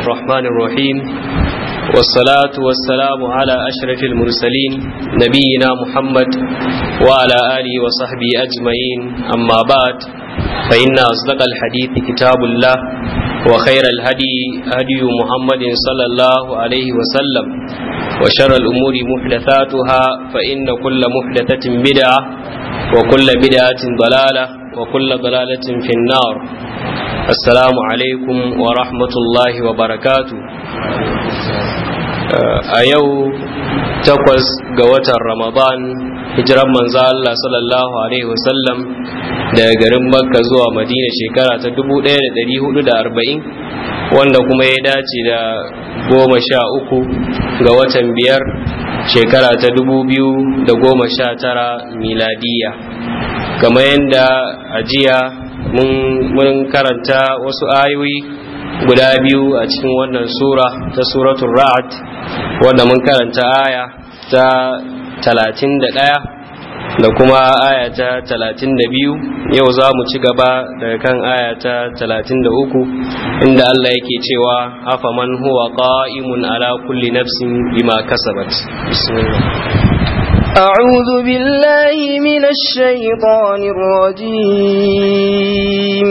الرحمن الرحيم والصلاة والسلام على أشرف المرسلين نبينا محمد وعلى آله وصحبه أجمعين أما بعد فإن أصدق الحديث كتاب الله وخير الهدي هدي محمد صلى الله عليه وسلم وشر الأمور محدثاتها فإن كل محدثة بدعة وكل بدعة ضلالة وكل ضلالة في النار السلام عليكم ورحمة الله وبركاته a yau takwas ga watan ramadan hijiran manzo Allah sallallahu alaihi wasallam daga garin makka zuwa madina shekara ta 1440 wanda kuma ya dace da goma sha uku ga watan biyar shekara ta 2019 miladiya kamar yadda ajiya mun karanta wasu ayoyi guda biyu a cikin wannan sura ta suratul ra'ad wanda mun karanta aya ta talatin da kuma aya ta talatin yau za mu ci gaba daga kan aya ta talatin uku inda Allah yake cewa afaman huwa qa'imun ala kulli nafsin bima kasabat bismillah أعوذ بالله من الشيطان الرجيم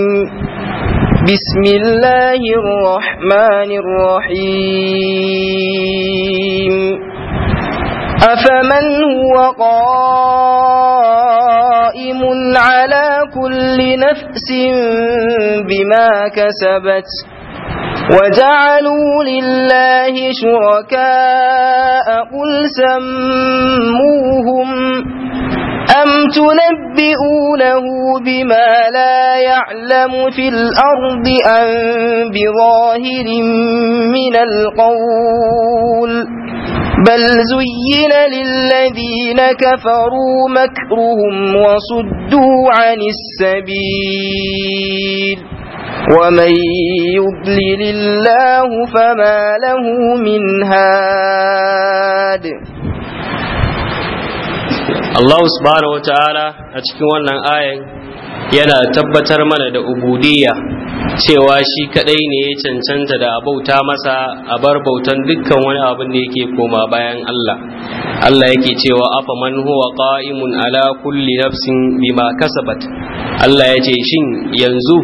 بسم الله الرحمن الرحيم أفمن هو قائم على كل نفس بما كسبت وجعلوا لله شركاء قل سموهم أم تنبئونه بما لا يعلم في الأرض أم بظاهر من القول بل زين للذين كفروا مكرهم وصدوا عن السبيل ومن يضلل الله فما له من هاد الله سبحانه وتعالى أتكي ونن آية yana tabbatar mana da ubudiyya cewa shi kadai ne ya cancanta da abauta masa a bar bautan dukkan wani abin da yake koma bayan Allah Allah yake cewa afa man huwa qa'imun ala kulli nafsin bima kasabat Allah ya ce shin yanzu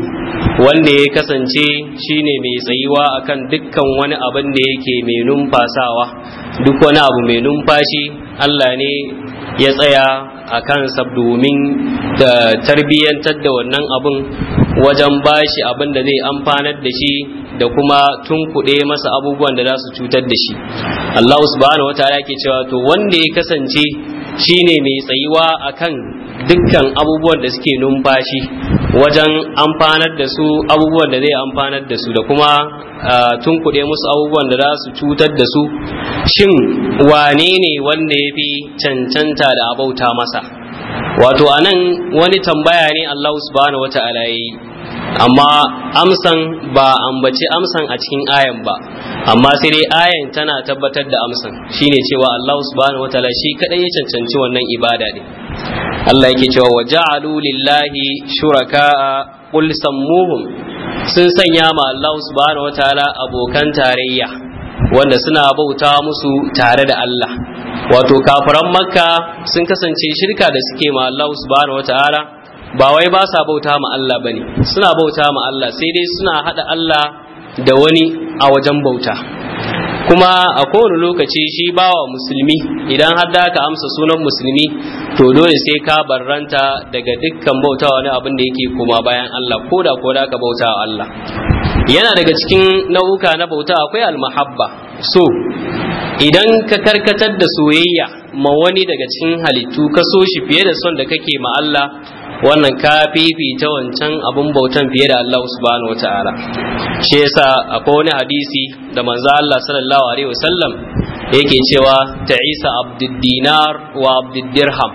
wanda ya kasance shine mai tsayuwa akan dukkan wani abin da yake mai numfasawa duk wani abu mai numfashi Allah ne ya tsaya a kansa domin eh, tarbiyyantar da wannan abin wajen bashi abin da zai amfanar da shi da kuma tunkuɗe masa abubuwan da za su cutar da shi Allah subhanahu wa ta'ala yake cewa to wanda ya kasance shine mai tsayuwa akan dukkan abubuwan da suke numfashi wajen amfanar da su abubuwan da zai amfanar da su da kuma tunkuɗe musu abubuwan da za su cutar da su shin wane ne wanda ya fi cancanta da abauta masa wato anan wani tambaya ne Allah subhanahu wa ta'ala yi amma amsan ba ambaci amsan a cikin ayan ba amma sai dai ayan tana tabbatar da amsan shine cewa Allah subhanahu wataala shi kadai ya cancanci wannan ibada ne Allah yake cewa wa ja'alu lillahi shuraka'a qul sammuhum sun sanya ma Allah subhanahu wataala abokan tarayya wanda suna bauta musu tare da Allah wato kafiran makka sun kasance shirka da suke ma Allah subhanahu wataala ba wai ba sa bauta ma Allah bane suna bauta ma Allah sai dai suna haɗa Allah da wani a wajen bauta kuma a kowane lokaci shi bawa musulmi idan har da ka amsa sunan musulmi to dole sai ka barranta daga dukkan bauta wani abin da yake koma bayan Allah ko da ko ka bauta wa Allah yana daga cikin nau'uka na bauta akwai almahabba so idan ka karkatar da soyayya ma wani daga cikin halittu ka so shi fiye da son da kake ma Allah wannan ka fifita wancan abun bautan fiye da Allah subhanahu wataala shi yasa akwai wani hadisi da manzo Allah sallallahu alaihi wasallam yake cewa ta Isa abdud dinar wa abdud dirham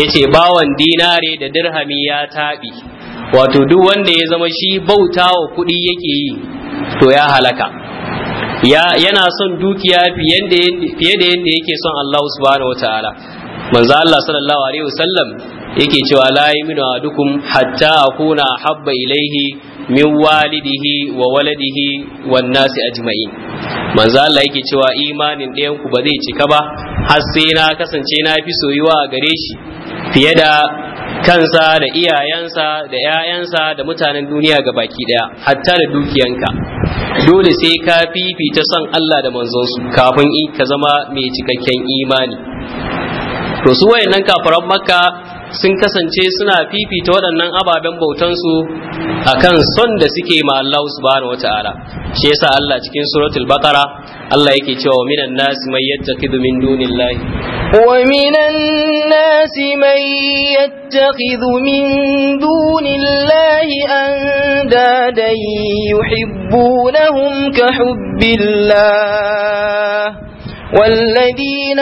yace bawan dinare da dirhami ya tabi wato duk wanda ya zama shi bautawa kuɗi yake yi to ya halaka ya yana son dukiya fiye da yadda yake son Allah subhanahu wataala manzo Allah sallallahu alaihi wasallam yake cewa la a dukun hatta akuna habba ilaihi min walidihi wa waladihi wan nasi ajma'in manzo Allah yake cewa imanin ɗayan ku ba zai cika ba har sai na kasance na fi soyuwa a gare shi fiye da kansa da iyayensa da 'ya'yansa da mutanen duniya ga baki ɗaya, hatta da dukiyanka dole sai ka fifita son Allah da manzonsu kafin ka zama mai cikakken imani to su wayannan kafaran makka sun kasance suna fifita waɗannan ababen bautansu a kan son da suke ma Allah subhanahu wata'ala shi yasa Allah cikin suratul baqara Allah yake cewa wa minan nasi man yattakhidhu min dunillahi wa minan nasi man yattakhidhu min dunillahi andadan yuhibbunahum ka hubbillah والذين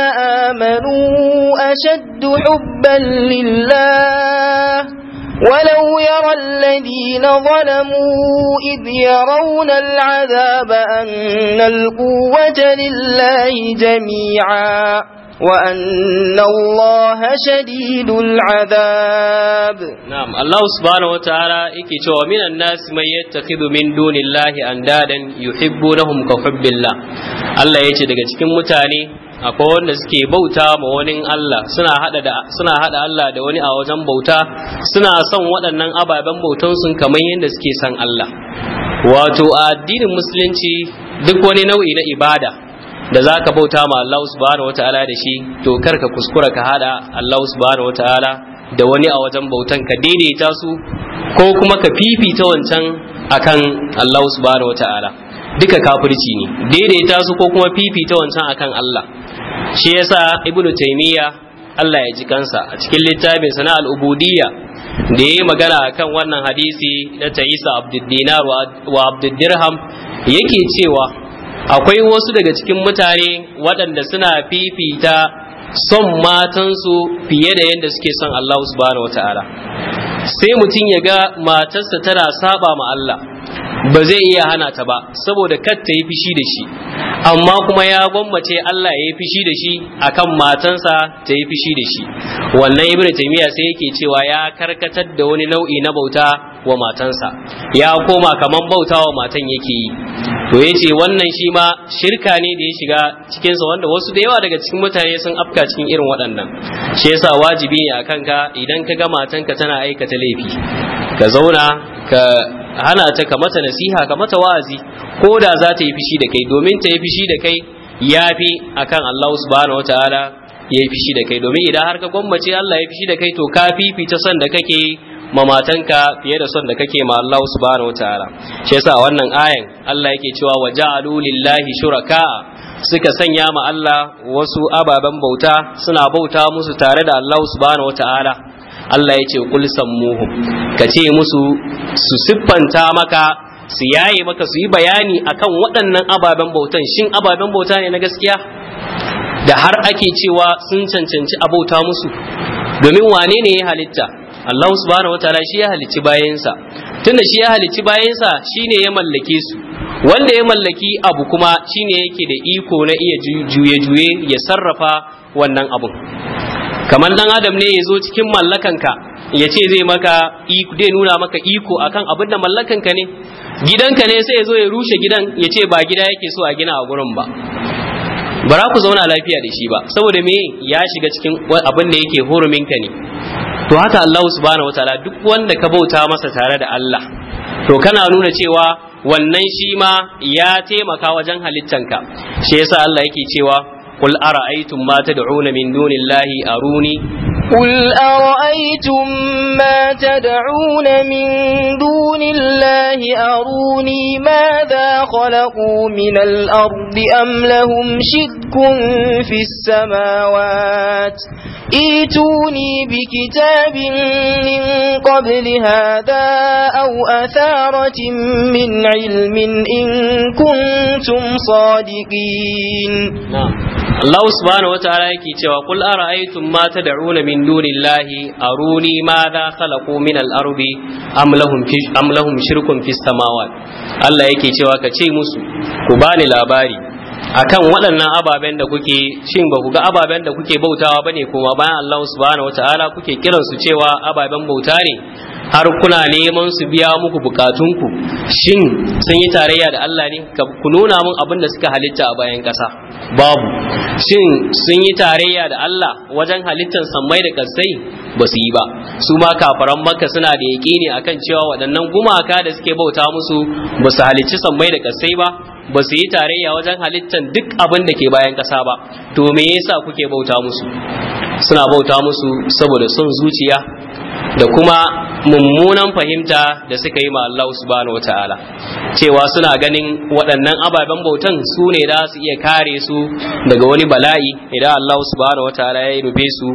آمنوا أشد حبا لله ولو يرى الذين ظلموا إذ يرون العذاب أن القوة لله جميعا وأن الله شديد العذاب نعم الله سبحانه وتعالى إكتو ومن الناس من يتخذ من دون الله أندادا يحبونهم كحب الله الله يجد cikin mutane akwai wanda suke bauta ma wani Allah suna da suna hada Allah da wani a wajen bauta suna son waɗannan ababen bautan sun kamar yadda suke son Allah wato a addinin musulunci duk wani nau'i na ibada da za ka bauta ma Allah subhanahu ta'ala da shi to kar ka kuskura ka hada Allah subhanahu ta'ala da wani a wajen bautan ka daidaita su ko kuma ka fifita wancan akan Allah subhanahu ta'ala duka kafirci ne daidaita su ko kuma fifita wancan akan Allah shi yasa ibnu taymiya Allah ya ji kansa a cikin littafin sana al-ubudiyya da yayi magana akan wannan hadisi na Ta'isa Abdud Dinar wa Abdud Dirham yake cewa akwai wasu daga cikin mutane waɗanda suna fifita son matansu fiye da yadda suke son Allah subhanahu wa ta'ala sai mutum ya ga matarsa tana saba ma Allah ba zai iya hana ta ba saboda kar ta yi fishi da shi amma kuma ya gwammace Allah ya yi fishi da shi akan matansa ta yi fishi da shi wannan ibnu taymiya sai yake cewa ya karkatar da wani nau'i na bauta wa matansa ya koma kaman bauta wa matan yake yi to yace wannan shi ma shirka ne da ya shiga cikin sa wanda wasu da yawa daga cikin mutane sun afka cikin irin waɗannan shi yasa wajibi ne akan ka idan ka ga matanka tana aikata laifi ka zauna ka hana ta ka mata nasiha ka mata wa'azi ko da za ta yi fishi da kai domin ta yi fishi da kai ya fi a kan Allah subhanahu wataala ya yi fishi da kai domin idan har ka gwammace Allah ya fishi da kai to ka fifita son da kake ma matanka fiye da son da kake ma Allah subhanahu wataala shi yasa wannan ayan Allah yake cewa wa ja'alu lillahi shuraka suka sanya ma Allah wasu ababen bauta suna bauta musu tare da Allah subhanahu wataala Allah ya ce kul sammuhum ka ce musu su siffanta maka su yaye maka su yi bayani akan waɗannan ababen bautan shin ababen bauta ne na gaskiya da har ake cewa sun cancanci abauta musu domin wane ne ya halitta Allah subhanahu wataala shi ya halicci bayansa tunda shi ya halicci bayansa shine ya mallake su wanda ya mallaki abu kuma shine yake da iko na iya juye-juye ya sarrafa wannan abun kamar dan adam ne ya zo cikin mallakanka ya ce zai maka dai nuna maka iko akan abin da mallakanka ne gidanka ne sai ya zo ya rushe gidan ya ce ba gida yake so a gina a gurin ba Bara ku zauna lafiya da shi ba saboda me ya shiga cikin abin da yake huruminka ne to haka Allah subhanahu wataala duk wanda ka bauta masa tare da Allah to kana nuna cewa wannan shi ma ya taimaka wajen halittanka shi yasa Allah yake cewa قل أرأيتم ما تدعون من دون الله أروني قل أرأيتم ما تدعون من دون الله أروني ماذا خلقوا من الأرض أم لهم شرك في السماوات إيتوني بكتاب من قبل هذا أو أثارة من علم إن كنتم صادقين نعم. الله سبحانه وتعالى يكي قل أرأيتم ما تدعون من min دون الله أروني ماذا خلقوا من الأرض أم لهم, في أم shirkun شرك في cewa ka ce musu ku bani labari akan waɗannan ababen da kuke shin ba ku ga ababen da kuke bautawa ba ne, kuma bayan Allah subhanahu wataala kuke kiransu cewa ababen bauta ne har kuna neman su biya muku bukatunku shin sun yi tarayya da Allah ne ku nuna mun abin da suka halitta a bayan kasa. babu shin sun yi tarayya da Allah wajen halittar sammai da kasai ba su yi ba su ma kafaran makka suna da yaƙini akan cewa waɗannan gumaka da suke bauta musu ba su halicci sammai da kasai ba ba su yi tarayya wajen halittar duk abin da ke bayan ƙasa ba to me yasa kuke bauta musu suna bauta musu saboda son zuciya da kuma mummunan fahimta da suka yi ma Allah subhanahu ta'ala cewa suna ganin waɗannan ababen bautan su ne da su iya kare su daga wani bala'i idan Allah subhanahu ta'ala ya rufe su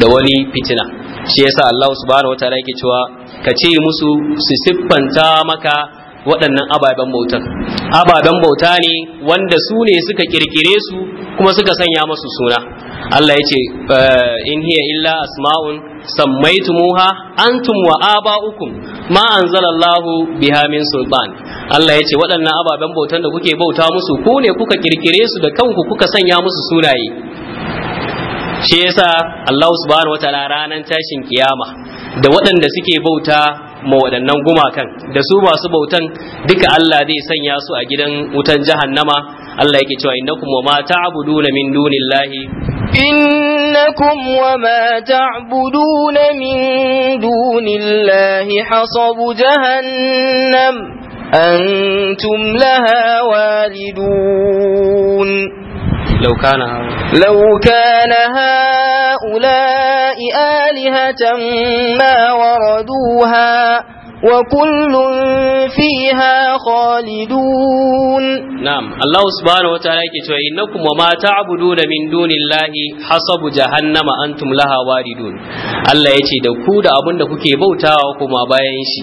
da wani fitina shi yasa Allah subhanahu ta'ala yake cewa ka ce musu su siffanta maka waɗannan ababen bautan ababen bauta ne wanda su ne suka kirkire su kuma suka sanya masu suna Allah ya ce eh, in hiya illa asma'un sammaitumuha antum wa aba'ukum ma anzalallahu biha min sultan Allah ya ce waɗannan ababen bautan da kuke bauta musu ku ne kuka kirkire su da kanku kuka sanya musu sunaye shi yasa Allah subhanahu wataala ranar tashin kiyama da waɗanda suke bauta waɗannan gumakan da su masu bautan duka Allah zai sanya su a gidan wutan jahannama Allah yake cewa innakum wa ma ta'buduna min dunillahi innakum wa ma ta'buduna min dunillahi hasabu jahannam antum laha walidun لو كان هؤلاء لو كان هؤلاء السماء آلهة ما وردوها وكل فيها خالدون نعم الله سبحانه وتعالى يقول إنكم وما تعبدون من دون الله حسب جهنم أنتم لها واردون الله يقول دوكو دا أبن دكو كي بوتا وكما باينشي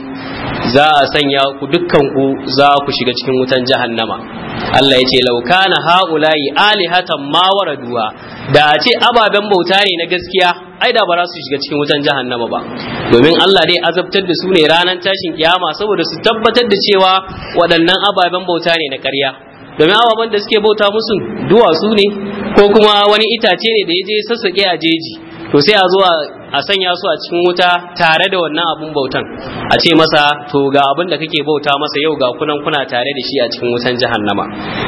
za a sanya ku dukkan ku za ku shiga cikin wutan jahannama Allah ya ce laukana ha'ulayi alihatan ma waraduwa da a ce ababen bauta ne na gaskiya ai da ba za su shiga cikin wutan jahannama ba domin Allah dai azabtar da su ne ranar tashin kiyama saboda su tabbatar da cewa waɗannan ababen bauta ne na ƙarya domin ababen da suke bauta musu duwatsu ne ko kuma wani itace ne da ya je sassaƙe a jeji to sai a zo a sanya su a cikin wuta tare da wannan abun bautan a ce masa to ga abin da kake bauta masa yau ga kunan kuna tare da shi a cikin wutan jahannama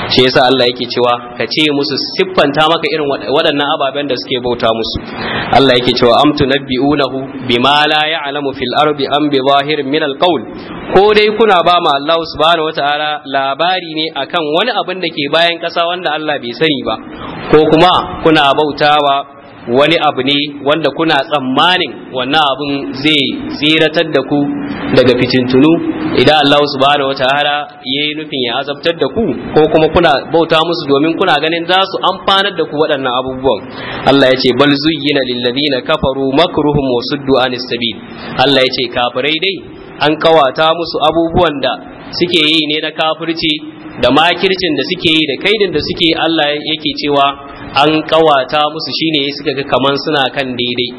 shi yasa Allah yake cewa ka ce musu siffanta maka irin waɗannan ababen da suke bauta musu Allah yake cewa am tunabbi'unahu bima la ya'lamu fil ardi am bi zahirin min al ko dai kuna ba ma Allah subhanahu wataala labari ne akan wani abin da ke bayan ƙasa wanda Allah bai sani ba ko kuma kuna bautawa wani abu ne wanda kuna tsammanin wannan abun zai tsiratar da ku daga fitintunu idan Allah subhanahu wataala ya yi nufin ya azabtar da ku ko kuma kuna bauta musu domin kuna ganin za su amfanar da ku waɗannan abubuwan Allah ya ce bal zuyyina lilladheena kafaru makruhum wa suddu anis sabil Allah ya ce kafirai dai an kawata musu abubuwan da suke yi ne na kafirci da makircin da suke yi da kaidin da suke Allah yake cewa an kawata musu shine suka ga kaman suna kan daidai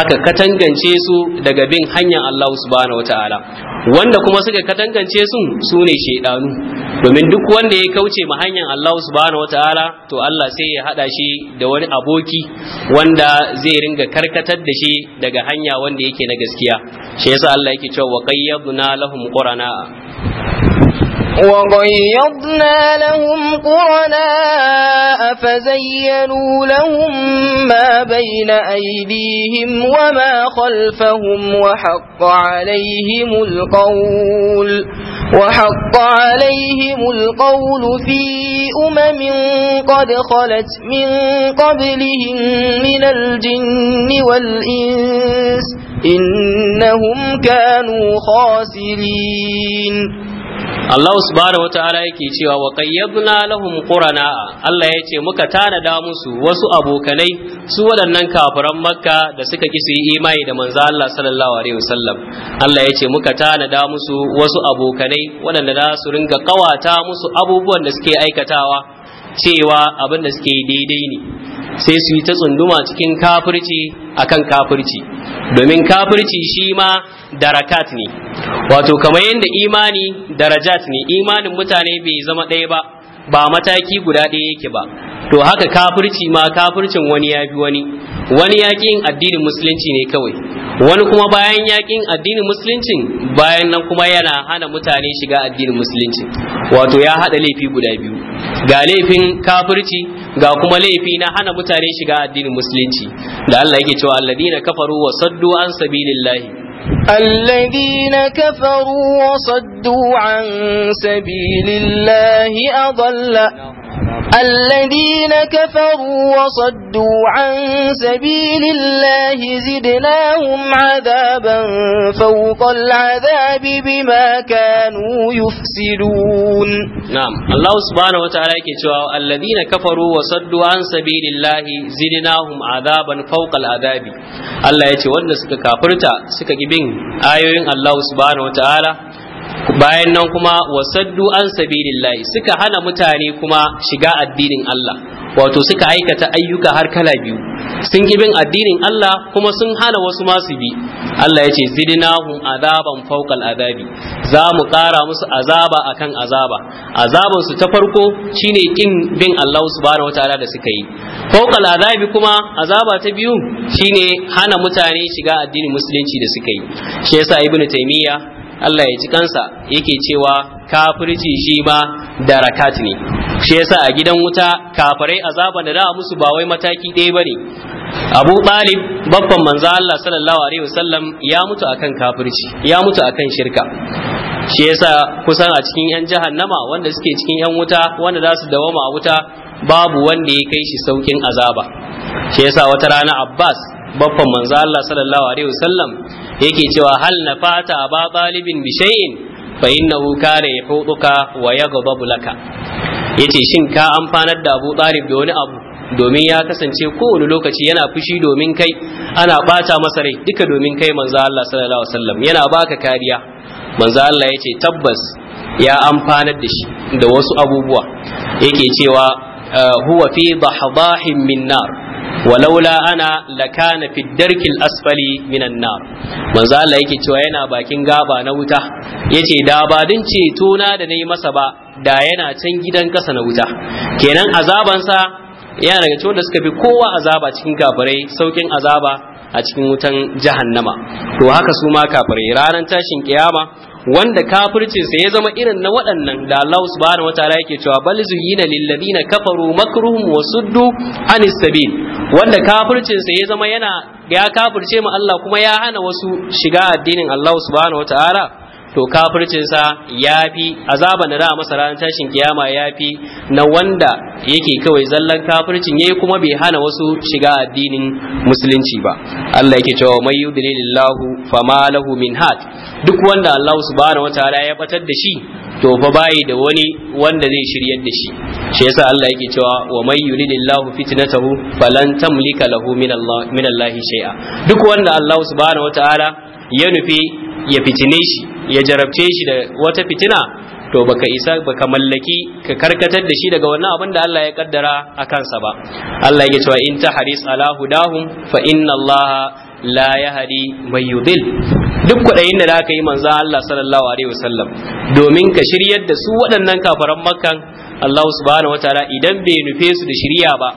aka katangance su daga bin hanyar Allah subhanahu wataala wanda kuma suka katangance su sune shedanu domin duk wanda ya kauce ma hanyar Allah subhanahu wataala to Allah sai ya hada shi da wani aboki wanda zai ringa karkatar da shi daga hanya wanda yake na gaskiya shi yasa Allah yake cewa wa qayyadna lahum qurana وقيضنا لهم قرناء فزينوا لهم ما بين أيديهم وما خلفهم وحق عليهم القول وحق عليهم القول في أمم قد خلت من قبلهم من الجن والإنس إنهم كانوا خاسرين Allah subhanahu wataala yake cewa wa qayyadna lahum qurana Allah ya ce muka tanada musu wasu abokanai su waɗannan kafiran Makka da suka ki su yi imani da manzo Allah sallallahu alaihi wasallam Allah ya ce muka tanada musu wasu abokanai waɗanda za su ringa kawata musu abubuwan da suke aikatawa cewa abin da suke daidai ne sai su yi ta tsunduma cikin kafirci akan kafirci domin kafirci shi ma darakat ne wato kamar yadda imani darajat ne imanin mutane bai zama ɗaya ba ba mataki guda ɗaya yake ba to haka kafirci ma kafircin wani ya bi wani wani yaƙin addinin musulunci ne kawai wani kuma bayan yaƙin addinin musulunci bayan nan kuma yana hana mutane shiga addinin musulunci wato ya haɗa laifi guda biyu ga laifin kafirci ga kuma laifi na hana mutane shiga addinin musulunci da Allah yake cewa alladina kafaru wa saddu an sabilillahi alladina kafaru wa saddu an sabilillahi adalla الذين كفروا وصدوا عن سبيل الله زدناهم عذابا فوق العذاب بما كانوا يفسدون نعم الله سبحانه وتعالى يقول الذين كفروا وصدوا عن سبيل الله زدناهم عذابا فوق العذاب الله يقول وانا سكا كافرتا سكا جبين آيوين الله سبحانه وتعالى bayan nan kuma wasaddu an sabilillahi suka hana mutane kuma shiga addinin Allah wato suka aikata ayyuka har kala biyu sun ki bin addinin Allah kuma sun hana wasu masu bi Allah ya ce zidnahum azaban fawqal azabi za mu ƙara musu azaba akan azaba azaban su ta farko shine kin bin Allah subhanahu wataala da suka yi fawqal azabi kuma azaba ta biyu shine hana mutane shiga addinin musulunci da suka yi shi yasa ibnu taymiya Allah ya ji kansa yake cewa kafirci shi ba da rakat ne shi yasa a gidan wuta kafirai azaban da za musu ba wai mataki ɗaya bane Abu Talib babban manzo Allah sallallahu alaihi wasallam ya mutu akan kafirci ya mutu akan shirka shi yasa kusan a cikin yan jahannama wanda suke cikin yan wuta wanda za su dawama a wuta babu wanda ya kai shi saukin azaba shi yasa wata rana Abbas baffan manzo Allah sallallahu alaihi wasallam yake cewa hal na fata ba balibin bi shay'in fa innahu kana yahuduka wa yaghdabu laka yace shin ka amfanar da Abu Talib da wani abu domin ya kasance kowane lokaci yana fushi domin kai ana bata masa rai duka domin kai manzo Allah sallallahu alaihi wasallam yana baka kariya manzo Allah yace tabbas ya amfanar da shi da wasu abubuwa yake cewa huwa fi dahdahin min nar walaula ana lakana fi darkil asfali minan nar manzo Allah yake cewa yana bakin gaba na wuta yace da ba din ceto na da nayi masa ba da yana can gidan kasa na wuta kenan azabansa yana daga cikin da suka fi kowa azaba cikin kafirai saukin azaba a cikin wutan jahannama to haka su ma kafirai ranar tashin kiyama wanda kafircin sa ya zama irin na waɗannan da Allah subhanahu wataala yake cewa bal zuyyina lil ladina kafaru makruhum wa suddu anis sabil wanda kafircin sa ya zama yana ya kafirce mu Allah kuma ya hana wasu shiga addinin Allah subhanahu wataala to kafircinsa ya fi azaban da za a masa ranar tashin kiyama ya fi na wanda yake kawai zallan kafircin yayi kuma bai hana wasu shiga addinin musulunci ba Allah yake cewa mai yudlilillahu fama lahu min hat duk wanda Allah subhanahu wataala ya batar da shi to fa bayi da wani wanda zai shiryar da shi shi yasa Allah yake cewa wa may yuridillahu fitnatahu falan tamlika lahu min Allah min shay'a duk wanda Allah subhanahu wataala ya nufi ya fitine shi ya jarabce shi da wata fitina to baka isa baka mallaki ka karkatar da shi daga wannan abin da Allah ya kaddara a kansa ba Allah yake cewa in haris ala hudahum fa inna Allah la yahdi may yudil duk kudayin da aka yi manzo Allah sallallahu alaihi wasallam domin ka shiryar da su waɗannan kafaran makkan Allah subhanahu wataala idan bai nufe su da shiriya ba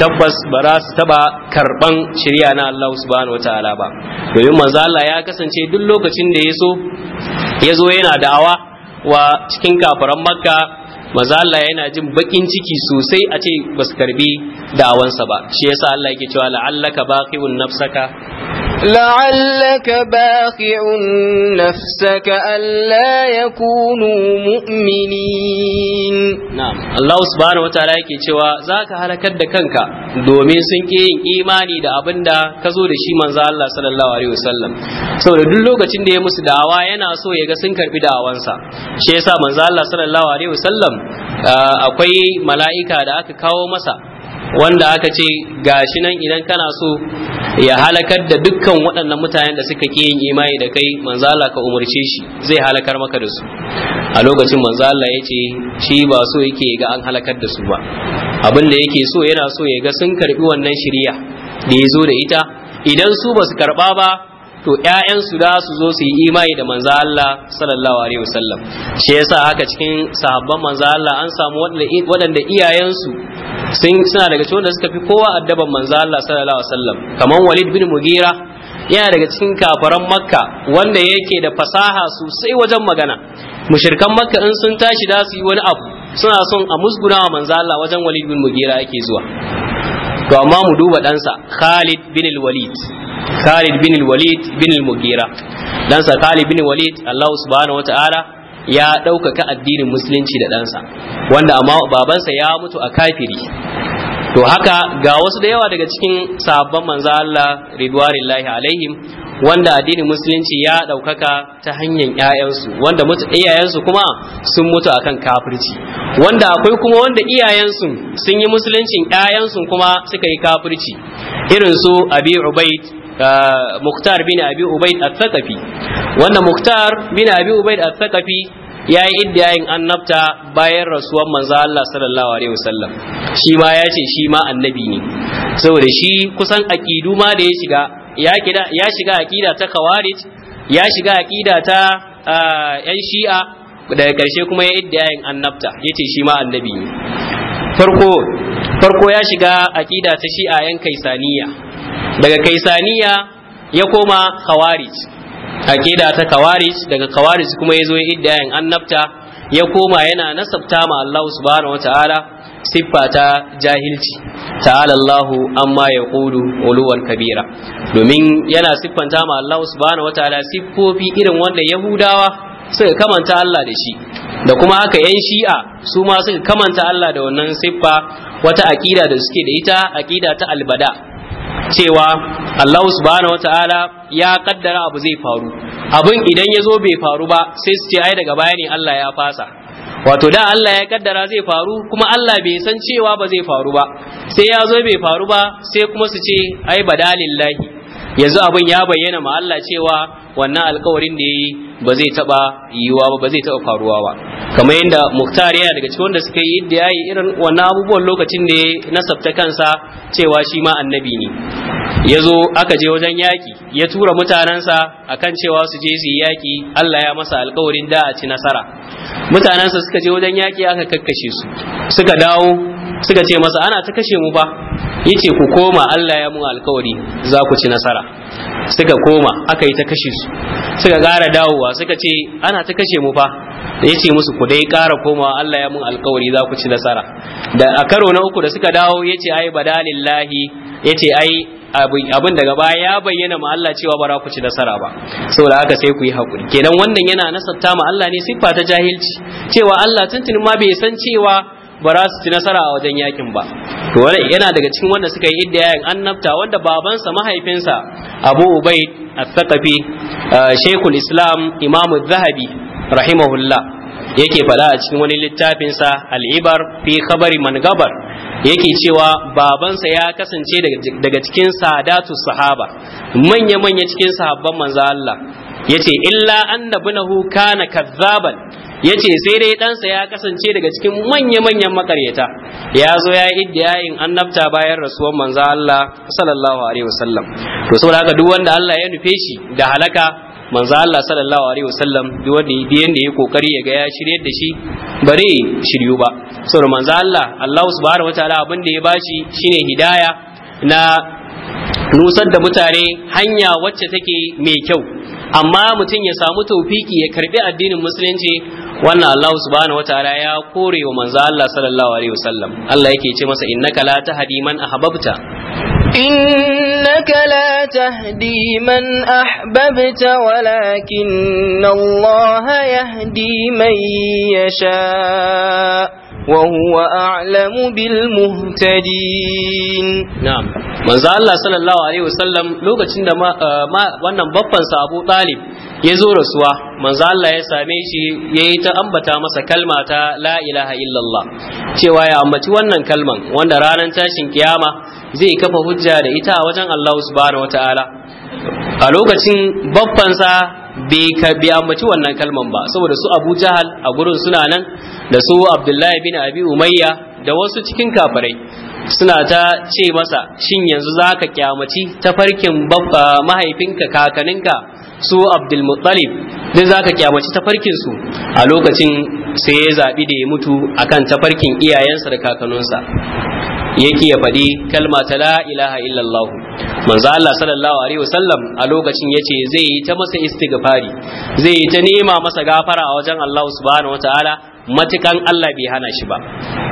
tabbas ba za su taba karban shiriya na Allah subhanahu wataala ba domin manzo Allah ya kasance duk lokacin da ya so zo yana da'awa wa cikin kafiran makka manzo Allah yana jin bakin ciki sosai a ce ba su karbi da'awansa ba shi yasa Allah yake cewa la'allaka baqi'un nafsaka لعلك باخع نفسك ألا يكونوا مؤمنين نعم الله سبحانه وتعالى yake cewa zaka halakar da kanka domin sun ki yin imani da abinda ka zo da shi manzo Allah sallallahu alaihi saboda duk lokacin da ya musu da'awa yana so ya ga sun karɓi da'awansa shi yasa manzo Allah sallallahu alaihi akwai mala'ika da aka kawo masa wanda aka ce gashi nan idan kana so ya halakar da dukkan waɗannan mutanen da suka ke yin imani da kai manzala ka umarce shi zai halakar maka da su a lokacin Manzala ya ce shi ba so yake ga an halakar da su ba abin da yake so yana so ya ga sun karbi wannan shirya da ya zo da ita idan su ba su karba ba to ƴaƴansu da su zo su yi imani da manzo Allah sallallahu alaihi wasallam shi yasa haka cikin sahabban manzo Allah an samu waɗanda iyayensu sun suna daga cikin wanda suka fi kowa addaban manzo Allah sallallahu alaihi wasallam kamar Walid bin Mugira yana daga cikin kafaran Makka wanda yake da fasaha sosai wajen magana mushrikan Makka in sun tashi da su yi wani abu suna son a musguna wa manzo Allah wajen Walid bin Mugira yake zuwa to amma mu duba ɗansa Khalid bin al-Walid Khalid bin al-Walid bin al-Mughira ɗansa Khalid bin Walid Allah subhanahu wata'ala ya ɗaukaka addinin musulunci da ɗansa wanda amma babansa ya mutu a kafiri to haka ga wasu da yawa daga cikin sabon manzo Allah ridwanillahi alaihim wanda addinin musulunci ya ɗaukaka ta hanyar ‘ya'yansu wanda mutu iyayensu kuma sun mutu akan kafirci wanda akwai kuma wanda iyayensu sun yi musuluncin ‘ya'yansu kuma suka yi kafirci irin su abi ubaid ah, muktar bin abi ubaid al-thaqafi wanda muktar bin abi ubaid al-thaqafi ya yi iddiyayin annabta bayan rasuwar manzo Allah sallallahu alaihi wasallam shi ma ya ce shi ma annabi ne saboda shi kusan aqidu ma da ya shiga ya shiga aqida ta khawarij ya shiga aqida ta yan shi'a daga karshe kuma ya yin annabta yace shi ma annabi ne farko farko ya shiga aqida ta shi'a yan kaisaniya daga kaisaniya ya koma khawarij aqida ta khawarij daga khawarij kuma ya zo ya yin annabta ya koma yana nasabta ma Allah subhanahu wataala siffa ta jahilci ta'ala Allahu amma ya qulu uluwan kabira domin yana siffanta ma Allah subhanahu wataala siffofi irin wanda Yahudawa suka kamanta Allah da shi da kuma haka yan shi'a su ma suka kamanta Allah da wannan siffa wata aqida da suke da ita aqida ta albada cewa Allah subhanahu wataala ya kaddara abu zai faru abin idan ya zo bai faru ba sai su ce ai daga baya ne Allah ya fasa wato da Allah ya kaddara zai faru kuma Allah bai san cewa ba zai faru ba sai ya zo bai faru ba sai kuma su ce ai badalillahi yanzu abin ya bayyana ma Allah cewa wannan alkawarin da yayi ba zai taba yiwuwa ba ba zai taba faruwa ba kamar yadda muktar yana daga cikin wanda suka yi yi irin wannan abubuwan lokacin da ya nasabta kansa cewa shi ma annabi ne ya zo aka je wajen yaki ya tura mutanensa akan cewa su je su yi yaƙi Allah ya masa alkawarin da a ci nasara mutanensa suka je wajen yaki aka kakkashe su suka dawo suka ce masa ana ta kashe mu ba yace ku koma Allah ya mun alkawari za ku ci nasara suka koma aka yi ta kashe su suka ƙara dawowa suka ce ana ta kashe mu fa yace musu ku dai ƙara komawa Allah ya mun alkawari za ku ci nasara da a karo na uku da suka dawo yace ai badalillahi yace ai abin daga baya ya bayyana ma Allah cewa ba za ku ci nasara ba saboda haka sai ku yi hakuri kenan wannan yana nasarta ma Allah ne siffa ta jahilci cewa Allah tuntun ma bai san cewa ba za su ci nasara a wajen yakin ba to yana daga cikin wanda suka yi yayin annabta wanda babansa mahaifinsa Abu Ubaid al-Thaqafi uh, Sheikhul Islam Imam Zahabi rahimahullah yake fada a cikin wani littafinsa al-Ibar fi khabari man gabar yake cewa babansa ya kasance daga cikin sadatu sahaba manya manya cikin sahabban manzo Allah yace illa annabunahu kana kazzaban ya ce sai dai ɗansa ya kasance daga cikin manya-manyan makaryata ya zo ya yi iddiyayin annabta bayan rasuwar manzo Allah sallallahu alaihi wasallam to saboda haka duk wanda Allah ya nufe shi da halaka manzo Allah sallallahu alaihi wasallam duk wanda biyan da ya kokari ya ga ya shiryar da shi bare shiryu ba saboda manzo Allah Allah subhanahu wataala abin da ya bashi shine hidaya na nusar da mutane hanya wacce take mai kyau amma mutum ya samu taufiki ya karbi addinin musulunci wannan Allah subhanahu wataala ya kore wa manzo Allah sallallahu alaihi wasallam Allah yake ce masa innaka la tahdi man ahbabta إنك لا تهدي من أحببت ولكن الله يهدي من يشاء وهو أعلم بالمهتدين نعم من Na'am, صلى الله عليه وسلم لوكا lokacin da uh, wannan وانا مبابا أبو ya zo rasuwa manzo Allah ya same shi ya yi ta ambata masa kalma ta la ilaha illallah cewa ya ambaci wannan kalman wanda ranar tashin kiyama zai kafa hujja da ita a wajen Allah subhanahu wataala a lokacin babbansa bai ambaci wannan kalman ba saboda su Abu Jahal a gurin suna nan da su Abdullahi bin Abi Umayya da wasu cikin kafirai suna ta ce masa shin yanzu zaka kyamaci tafarkin mahaifinka kakaninka su abdul muttalib duk zaka kyamaci tafarkin su a lokacin sai ya zabi da ya mutu akan tafarkin iyayensa da kakanninsa yake ya faɗi kalma ta la ilaha illallah manzo Allah sallallahu alaihi wasallam a lokacin yace zai yi ta masa istighfari zai yi ta nema masa gafara a wajen Allah subhanahu wataala matukan Allah bai hana shi ba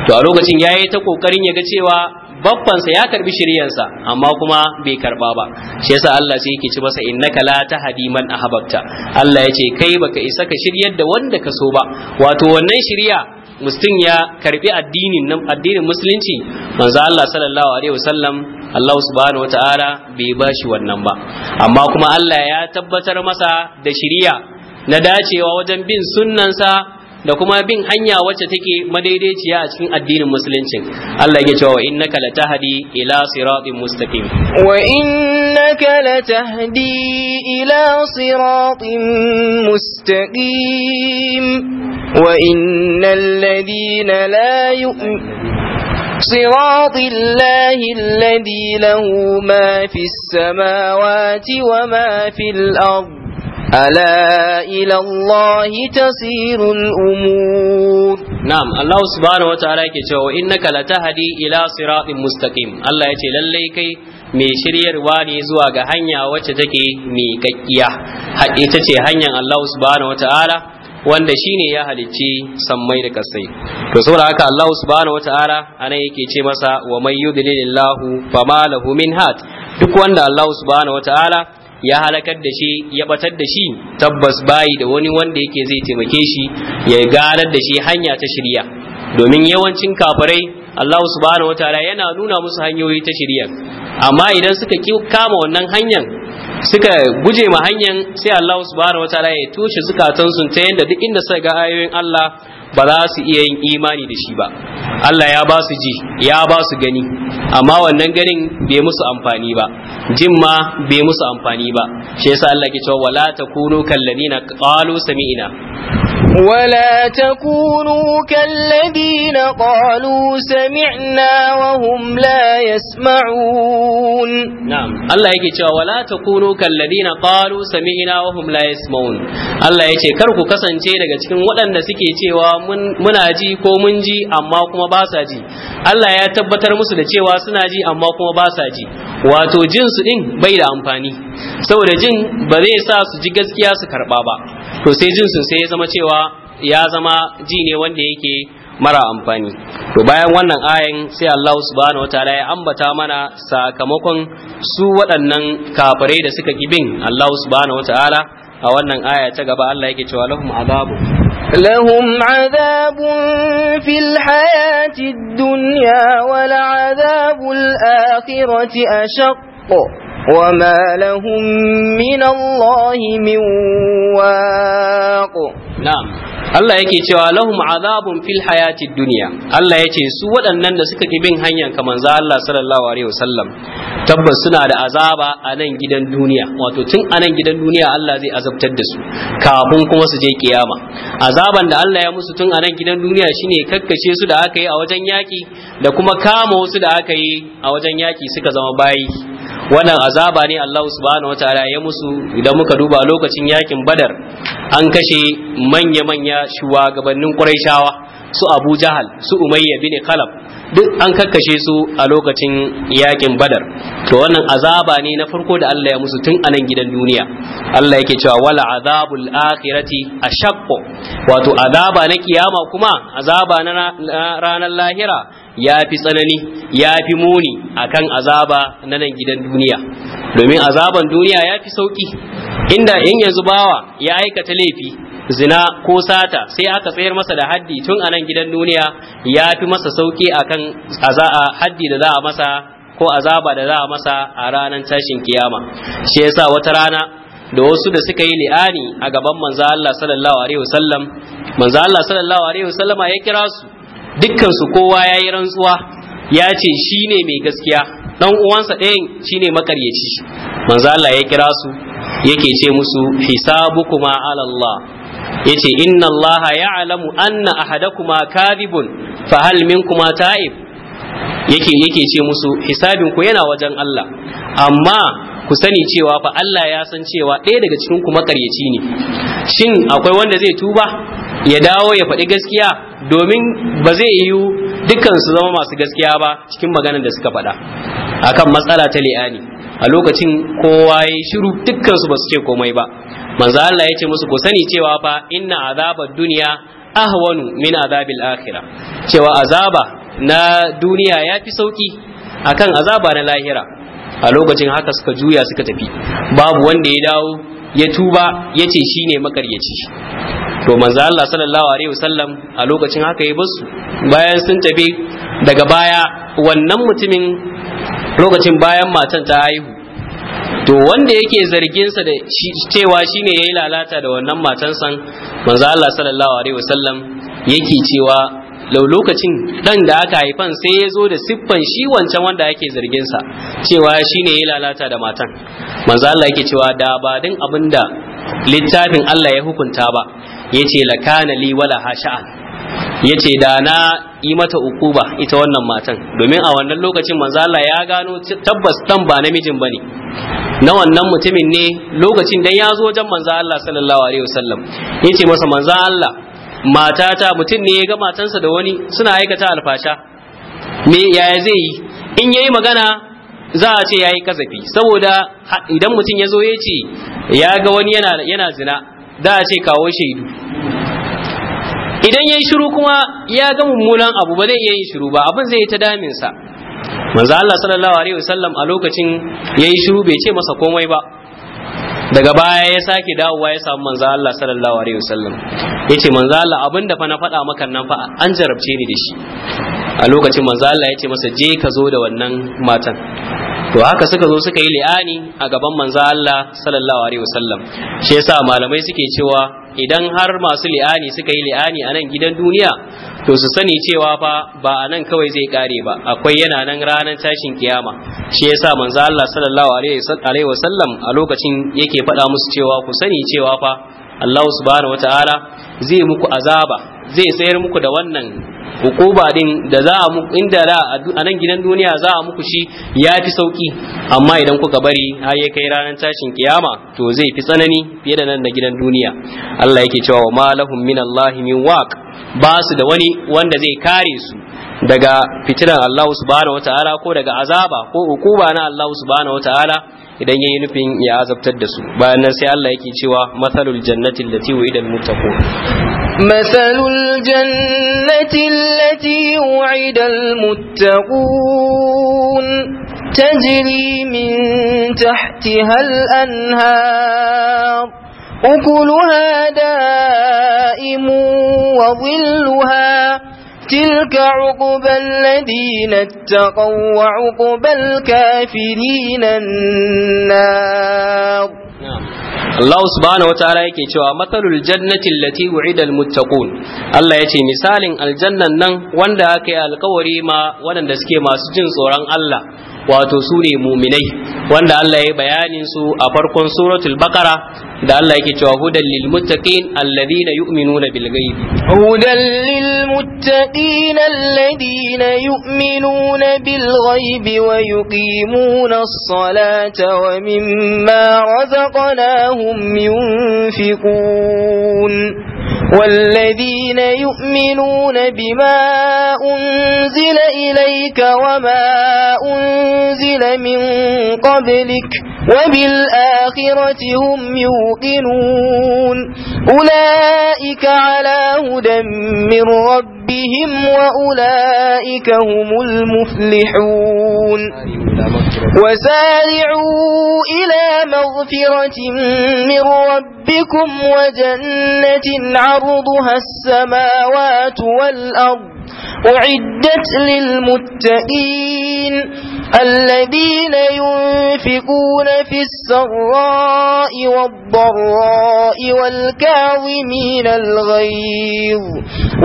to a lokacin yayi ta kokarin ya ga cewa baffansa ya karbi shiryansa amma kuma bai karba ba shi yasa Allah sai yake ci masa innaka la tahdi man hababta. Allah yace kai baka isa ka shiryar da wanda ka so ba wato wannan shirya mutum ya karbi addinin nan addinin musulunci manzo Allah sallallahu alaihi wasallam Allah subhanahu wataala bai bashi wannan ba amma kuma Allah ya tabbatar masa da shirya na dacewa wajen bin sunnansa da kuma bin hanya wacce take madaidaiciya a cikin addinin musuluncin Allah yake cewa innaka latahdi ila siratin mustaqim wa innaka latahdi ila siratin mustaqim wa innal ladina la yu'minun صراط الله الذي له ما في السماوات وما في الأرض ألا إلى الله تسير الأمور نعم الله سبحانه وتعالى كتو إنك لتهدي إلى صراط مستقيم الله kai لليك mai shiryarwa ne zuwa ga hanya wacce take miƙaƙƙiya ita ce hanyar Allah subhanahu wata'ala wanda shine ya halicci sammai da kasai to saboda haka Allah subhanahu wata'ala anan yake ce masa wa may yudlilillahu fama min hat duk wanda Allah subhanahu wata'ala ya halakar da shi ya batar da shi tabbas bayi da wani wanda yake zai taimake shi ya ganar da shi hanya ta shirya domin yawancin kafirai Allah subhanahu wataala yana nuna musu hanyoyi ta shirya amma idan suka kama wannan hanyar suka guje ma hanyar sai Allah subhanahu wataala ya tushe zukatansu ta yadda duk inda suka ga ayoyin Allah ba za su iya yin imani da shi ba Allah ya ba su ji ya ba su gani amma wannan ganin bai musu amfani ba jin ma bai musu amfani ba shi yasa Allah ke cewa wala takunu kallazina qalu sami'na wala takunu kallazina qalu sami'na wa hum la yasma'un na'am Allah yake cewa wala takunu kallazina qalu sami'na wa hum la yasma'un Allah yace kar ku kasance daga cikin waɗanda suke cewa muna ji ko mun ji amma kuma ba sa ji Allah ya tabbatar musu da cewa suna ji amma kuma ba sa ji wato jin su din bai da amfani saboda jin ba zai sa su ji gaskiya su karba ba to sai jin su sai ya zama cewa ya zama ji ne wanda yake mara amfani to bayan wannan ayan sai Allah subhanahu wataala ya ambata mana sakamakon su waɗannan kafirai da suka gibin Allah subhanahu wataala a wannan aya ta gaba Allah yake cewa lahum azabu لهم عذاب في الحياة الدنيا ولعذاب الآخرة أشق وما لهم من الله من واق نعم Allah yake cewa lahum azabun fil hayati dunya Allah yace su waɗannan da suka ki bin hanyar ka manzo Allah sallallahu alaihi wasallam tabbas suna da azaba a nan gidan duniya wato tun a nan gidan duniya Allah zai azabtar da su kafin kuma su je kiyama azaban da Allah ya musu tun a nan gidan duniya shine kakkashe su da aka yi a wajen yaki da kuma kama wasu da aka yi a wajen yaki suka zama bayi wannan azaba ne Allah subhanahu wataala ya musu idan muka duba lokacin yakin badar an kashe manya-manya shugabannin ƙurayshawa su abu jahal su umayya bin khalaf duk an kakkashe su a lokacin yakin badar to wannan azaba ne na farko da Allah ya musu tun anan gidan duniya Allah yake cewa wala azabul akhirati ashaqqu wato azaba na kiyama kuma azaba na ranar lahira ya fi tsanani ya fi muni akan azaba na nan gidan duniya domin azaban duniya ya fi sauki inda in yanzu bawa ya aikata laifi zina ko sata sai aka tsayar masa da haddi tun anan gidan duniya ya fi masa sauki akan haddi da za a masa ko azaba da za a masa a ranar tashin kiyama shi yasa wata rana da wasu da suka yi li'ani a gaban manzo Allah sallallahu alaihi wasallam manzo ya kira su dukkan su kowa yayi rantsuwa ya ce shine mai gaskiya Ɗan uwansa ɗayan shine makaryaci manzo Allah ya kira su yake ce musu hisabukuma ala Allah yace inna Allah ya'lamu anna ahadakuma kadhibun fa hal minkuma ta'ib yake yake ce musu hisabin ku yana wajen Allah amma ku sani cewa fa Allah ya san cewa ɗaya daga cikin ku makaryaci ne shin akwai wanda zai tuba ya dawo ya faɗi gaskiya domin ba zai yiwu dukkan su zama masu gaskiya ba cikin maganar da suka faɗa akan matsala ta li'ani a lokacin kowa ya shiru dukkan su ba su ce komai ba manzo Allah ya ce musu ku sani cewa fa inna azabad dunya ahwanu min azabil akhirah cewa azaba na duniya ya fi sauki akan azaba na lahira a lokacin haka suka juya suka tafi babu wanda ya dawo ya tuba ya ce shine makaryaci to manzo Allah sallallahu alaihi wasallam a lokacin haka ya basu bayan sun tafi daga baya wannan mutumin lokacin bayan matan ta haihu to wanda yake zarginsa da cewa shine yayi lalata da wannan matansan manzo Allah sallallahu alaihi wasallam yake cewa lau lokacin dan da aka haifan sai ya zo da siffan shi wancan wanda yake zarginsa, sa cewa shine ya lalata da matan manzo Allah yake cewa da ba din abinda littafin Allah ya hukunta ba yace lakana li wala hasha'an yace da na yi mata ukuba ita wannan matan domin a wannan lokacin manzo Allah ya gano tabbas ɗan ba namijin bane na wannan mutumin ne lokacin da ya zo wajen manzo Allah sallallahu alaihi wasallam yace masa manzan Allah matata mutum ne ya ga matansa da wani suna aikata alfasha me yaya zai yi in yayi magana za a ce yayi kazafi saboda idan mutum ya zo ya ce ya ga wani yana yana zina za a ce kawo shaidu idan yayi shiru kuma ya ga mummunan abu ba zai iya yin shiru ba abin zai yi ta daminsa manzo Allah sallallahu alaihi wasallam a lokacin yayi shiru bai ce masa komai ba daga baya ya sake dawowa ya samu manzo Allah sallallahu alaihi wasallam yace manzo Allah da fa na faɗa maka nan fa an jarabce ni da shi a lokacin manzo Allah ce masa je ka zo da wannan matan to haka suka zo suka yi li'ani a gaban manzo Allah sallallahu alaihi wasallam shi yasa malamai suke cewa idan har masu li'ani suka yi li'ani a nan gidan duniya to su sani cewa fa ba a nan kawai zai kare ba akwai yana nan ranar tashin kiyama shi yasa manzo Allah sallallahu alaihi wasallam a lokacin yake faɗa musu cewa ku sani cewa fa Allah subhanahu wataala zai muku azaba zai sayar muku da wannan hukuba din da za a inda da a nan gidan duniya za a muku shi ya fi sauki amma idan kuka bari har ya kai ranar tashin kiyama to zai fi tsanani fiye da nan na gidan duniya Allah yake cewa wa malahum lahum min Allah waq ba su da wani wanda zai kare su daga fitinan Allah subhanahu ta'ala ko daga azaba ko ukuba na Allah subhanahu ta'ala idan yayi nufin ya azabtar da su bayan nan sai Allah yake cewa masalul jannati allati wa'ida muttaqun masalul jannati allati wa'ida muttaqun tajri min tahtiha al-anhar أكلها دائم وظلها تلك عقب الذين اتقوا وعقب الكافرين النار Allah subhanahu wataala yake cewa matalul jannati allati wu'ida almuttaqun Allah yace misalin aljannan nan wanda aka yi alkawari ma waɗanda suke masu jin tsoron Allah wato su ne muminai wanda Allah ya bayanin su a farkon suratul baqara da Allah yake cewa hudan lil muttaqin alladhina yu'minuna bil ghaib hudan lil muttaqin alladhina yu'minuna bil ghaib wa yuqimuna as-salata wa mimma razaqnahum هم ينفقون والذين يؤمنون بما أنزل إليك وما أنزل من قبلك وبالآخرة هم يوقنون أولئك على هدى من ربهم وأولئك هم المفلحون وسارعوا إلى مغفرة من ربكم وجنة عرضها السماوات والأرض أعدت للمتقين الذين ينفقون في السراء والضراء والكاظمين الغيظ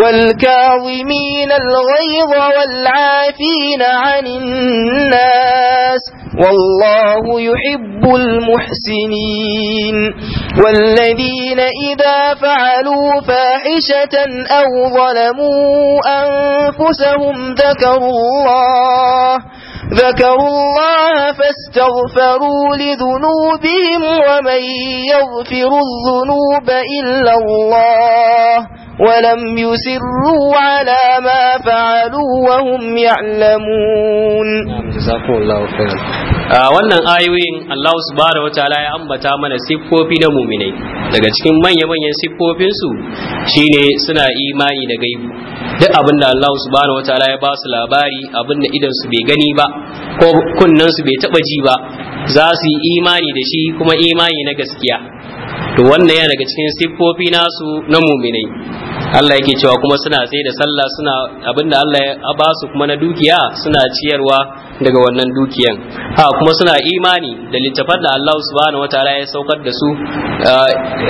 والكاظمين الغيظ والعافين عن الناس والله يحب المحسنين والذين إذا فعلوا فاحشة أو ظلموا أنفسهم ذكروا الله ذكروا الله فاستغفروا لذنوبهم ومن يغفر الذنوب إلا الله ولم يسروا على ما فعلوا وهم يعلمون جزاكم الله خيرا wannan ayoyin Allah subhanahu wataala ya ambata mana siffofi na muminai daga cikin manya-manyan siffofin su shine suna imani da gaibu duk abin da Allah subhanahu wataala ya ba su labari abin da idan su bai gani ba ko kunnan su bai taba ji ba za su yi imani da shi kuma imani na gaskiya to wannan yana daga cikin siffofi nasu na muminai Allah yake cewa kuma suna sai da sallah suna abinda Allah ya ba su kuma na dukiya suna ciyarwa daga wannan dukiyan ha kuma suna imani da littafan da Allah subhanahu wataala ya saukar da su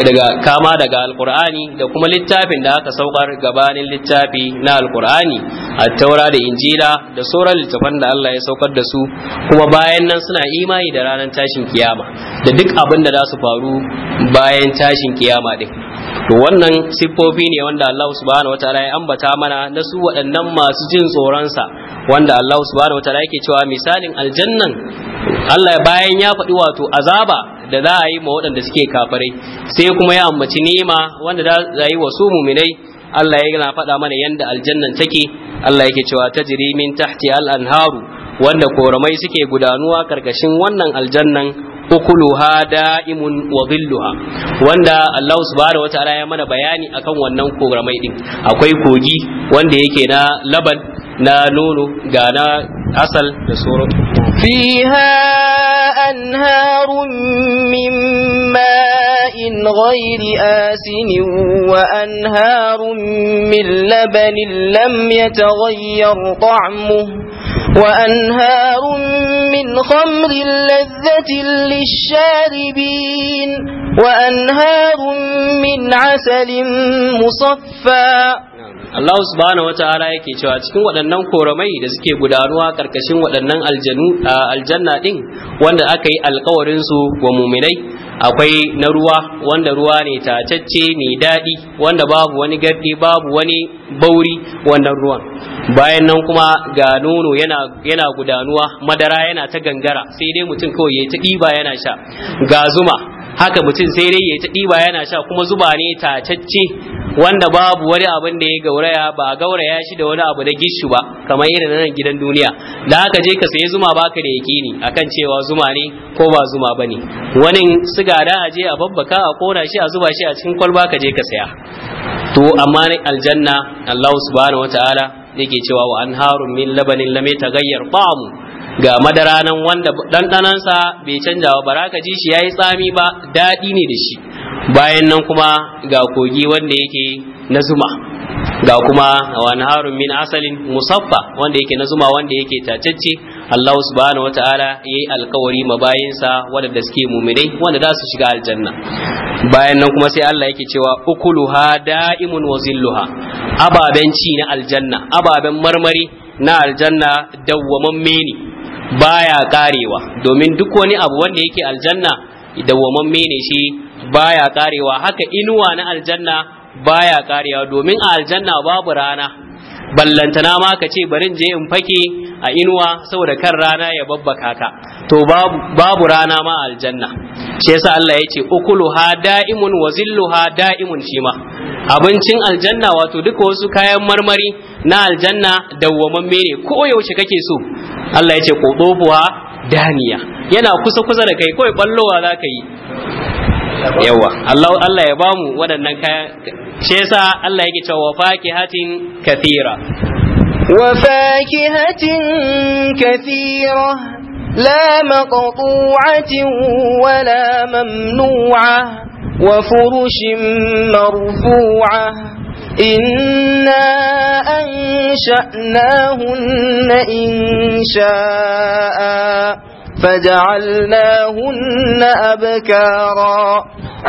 daga kama daga alqur'ani da kuma littafin da aka saukar gabanin littafi na alqur'ani at-taura da injila da sauran littafan da Allah ya saukar da su kuma bayan nan suna imani da ranar tashin kiyama da duk abin da za su faru bayan tashin kiyama din to wannan siffofi ne wanda Allah subhanahu wataala ya ambata mana na su waɗannan masu jin tsoronsa wanda Allah subhanahu wataala yake cewa misalin aljannan Allah bayan ya faɗi wato azaba da za a yi ma waɗanda suke kafirai sai kuma ya ambaci nima wanda za a yi wa su muminai Allah ya yana faɗa mana yanda aljannan take Allah yake cewa tajri min tahti al-anharu wanda koramai suke gudanuwa karkashin wannan aljannan ukuluha da'imun wa dhilluha wanda Allah subhanahu wataala ya mana bayani akan wannan koramai din akwai kogi wanda yake na laban na nono ga na asal da sauran fiha anharun min ma'in ghairi asin wa anharun min labanin lam yataghayyar ta'muhu وأنهار من خمر لذة للشاربين وأنهار من عسل مصفى Allah subhanahu wataala yake cewa cikin waɗannan koramai da suke gudanuwa karkashin waɗannan aljanu aljanna din wanda aka yi alƙawarin su wa muminai akwai na ruwa wanda ruwa ne tacacce ne daɗi wanda babu wani garɗi babu wani bauri wannan ruwan bayan nan kuma ga nono yana yana gudanuwa madara yana ta gangara sai dai mutum kawai ya ta ɗiba yana sha ga zuma haka mutum sai dai ya ta ɗiba yana sha kuma zuba ne tacacce wanda babu wani abin da ya gauraya ba a gauraya shi da wani abu da gishu ba kamar irin nan gidan duniya da haka je ka sayi zuma baka da yakini akan cewa zuma ne ko ba zuma bane wani siga da a je a babbaka a kona shi a zuba shi a cikin kwalba ka je ka saya to amma ne aljanna Allah subhanahu wataala yake cewa wa anharun min labanin lam yataghayyar ta'amu ga madara nan wanda ɗanɗanansa bai canja ba barakaji ji shi ya yi tsami ba daɗi ne da shi bayan nan kuma ga kogi wanda yake na zuma ga kuma wani harun min asalin musaffa wanda yake na zuma wanda yake tacacce Allah subhanahu wataala ya yi alkawari mabayinsa waɗanda suke muminai wanda za su shiga aljanna bayan nan kuma sai Allah yake cewa ukuluha da'imun wa zilluha ababen ci na aljanna ababen marmari na aljanna dawwamamme ne baya karewa domin duk wani abu wanda yake aljanna dawwamamme ne shi baya karewa haka inuwa na aljanna baya karewa domin a aljanna babu rana ballantana ma ka ce barin je in fake a inuwa saboda kan rana ya babbaka ka to babu rana ma aljanna shi yasa Allah ya ce ukuluha da'imun wa zilluha da'imun shima abincin aljanna wato duka wasu kayan marmari na aljanna dawwamamme ne ko yaushe kake so Allah ya ce daniya yana kusa kusa da kai kawai ballowa za ka yi yawa Allah Allah ya bamu waɗannan kaya shi yasa Allah yake cewa fakihatin kathira wa fakihatin kathira la maqtu'atin wala mamnu'a wa furushin marfu'a إنا أنشأناهن إن شاء فجعلناهن أبكارا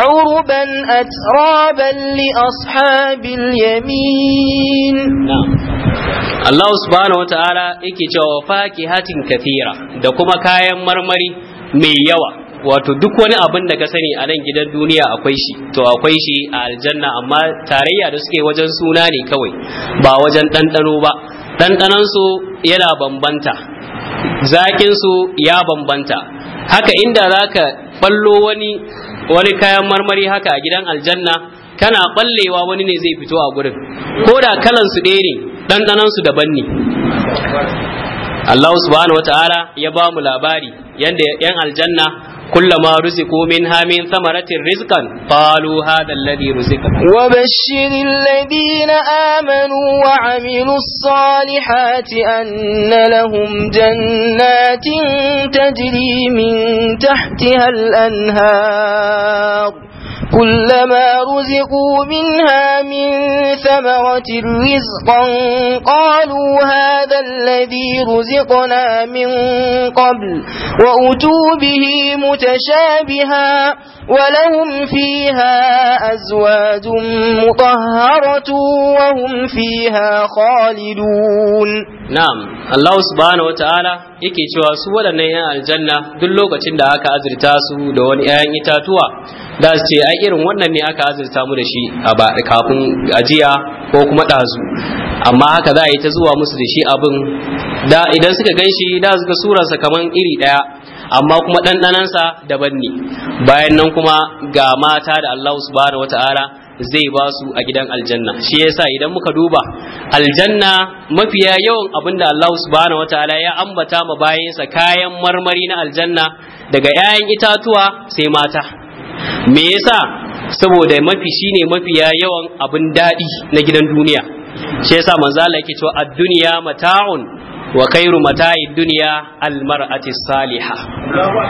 عربا أترابا لأصحاب اليمين نعم Allah subhanahu wa ta'ala yake cewa hatin kathira da kuma kayan marmari mai yawa wato duk wani abin da ka sani a nan gidan duniya akwai shi to akwai shi a aljanna amma tarayya da suke wajen suna ne kawai ba wajen ɗanɗano ba ɗanɗanansu yana bambanta zakinsu ya bambanta haka inda za ka ɓallo wani wani kayan marmari haka a gidan aljanna kana ɓallewa wani ne zai fito a gurin ko da kalansu ɗaya ne ɗanɗanansu daban ne Allah subhanahu wata'ala ya ba mu labari yadda 'yan aljanna كلما رزقوا منها من ثمرة رزقا قالوا هذا الذي رزقنا وبشر الذين آمنوا وعملوا الصالحات أن لهم جنات تجري من تحتها الأنهار كلما رزقوا منها من ثمرة رزقا قالوا هذا الذي رزقنا من قبل وأتوا به متشابها ولهم فيها أزواج مطهرة وهم فيها خالدون نعم الله سبحانه وتعالى yake cewa su waɗannan 'yan aljanna duk lokacin da aka azurta su da wani 'ya'yan itatuwa da su ce ai irin wannan ne aka azurta mu da shi a ba kafin ajiya ko kuma ɗazu amma haka za a yi ta zuwa musu da shi abin da idan suka ganshi shi da suka surarsa kamar iri ɗaya amma kuma ɗanɗanansa daban ne bayan nan kuma ga mata da Allah subhanahu wata'ala zai ba su a gidan aljanna shi yasa idan muka duba aljanna mafiya yawan abin da Allah subhanahu wataala ya ambata ma bayansa kayan marmari na aljanna daga 'ya'yan itatuwa sai mata me yasa saboda mafi shine mafiya yawan abin daɗi na gidan duniya shi yasa manzala yake cewa ad-dunya mata'un wa khairu mata'id dunya al mar'ati salihah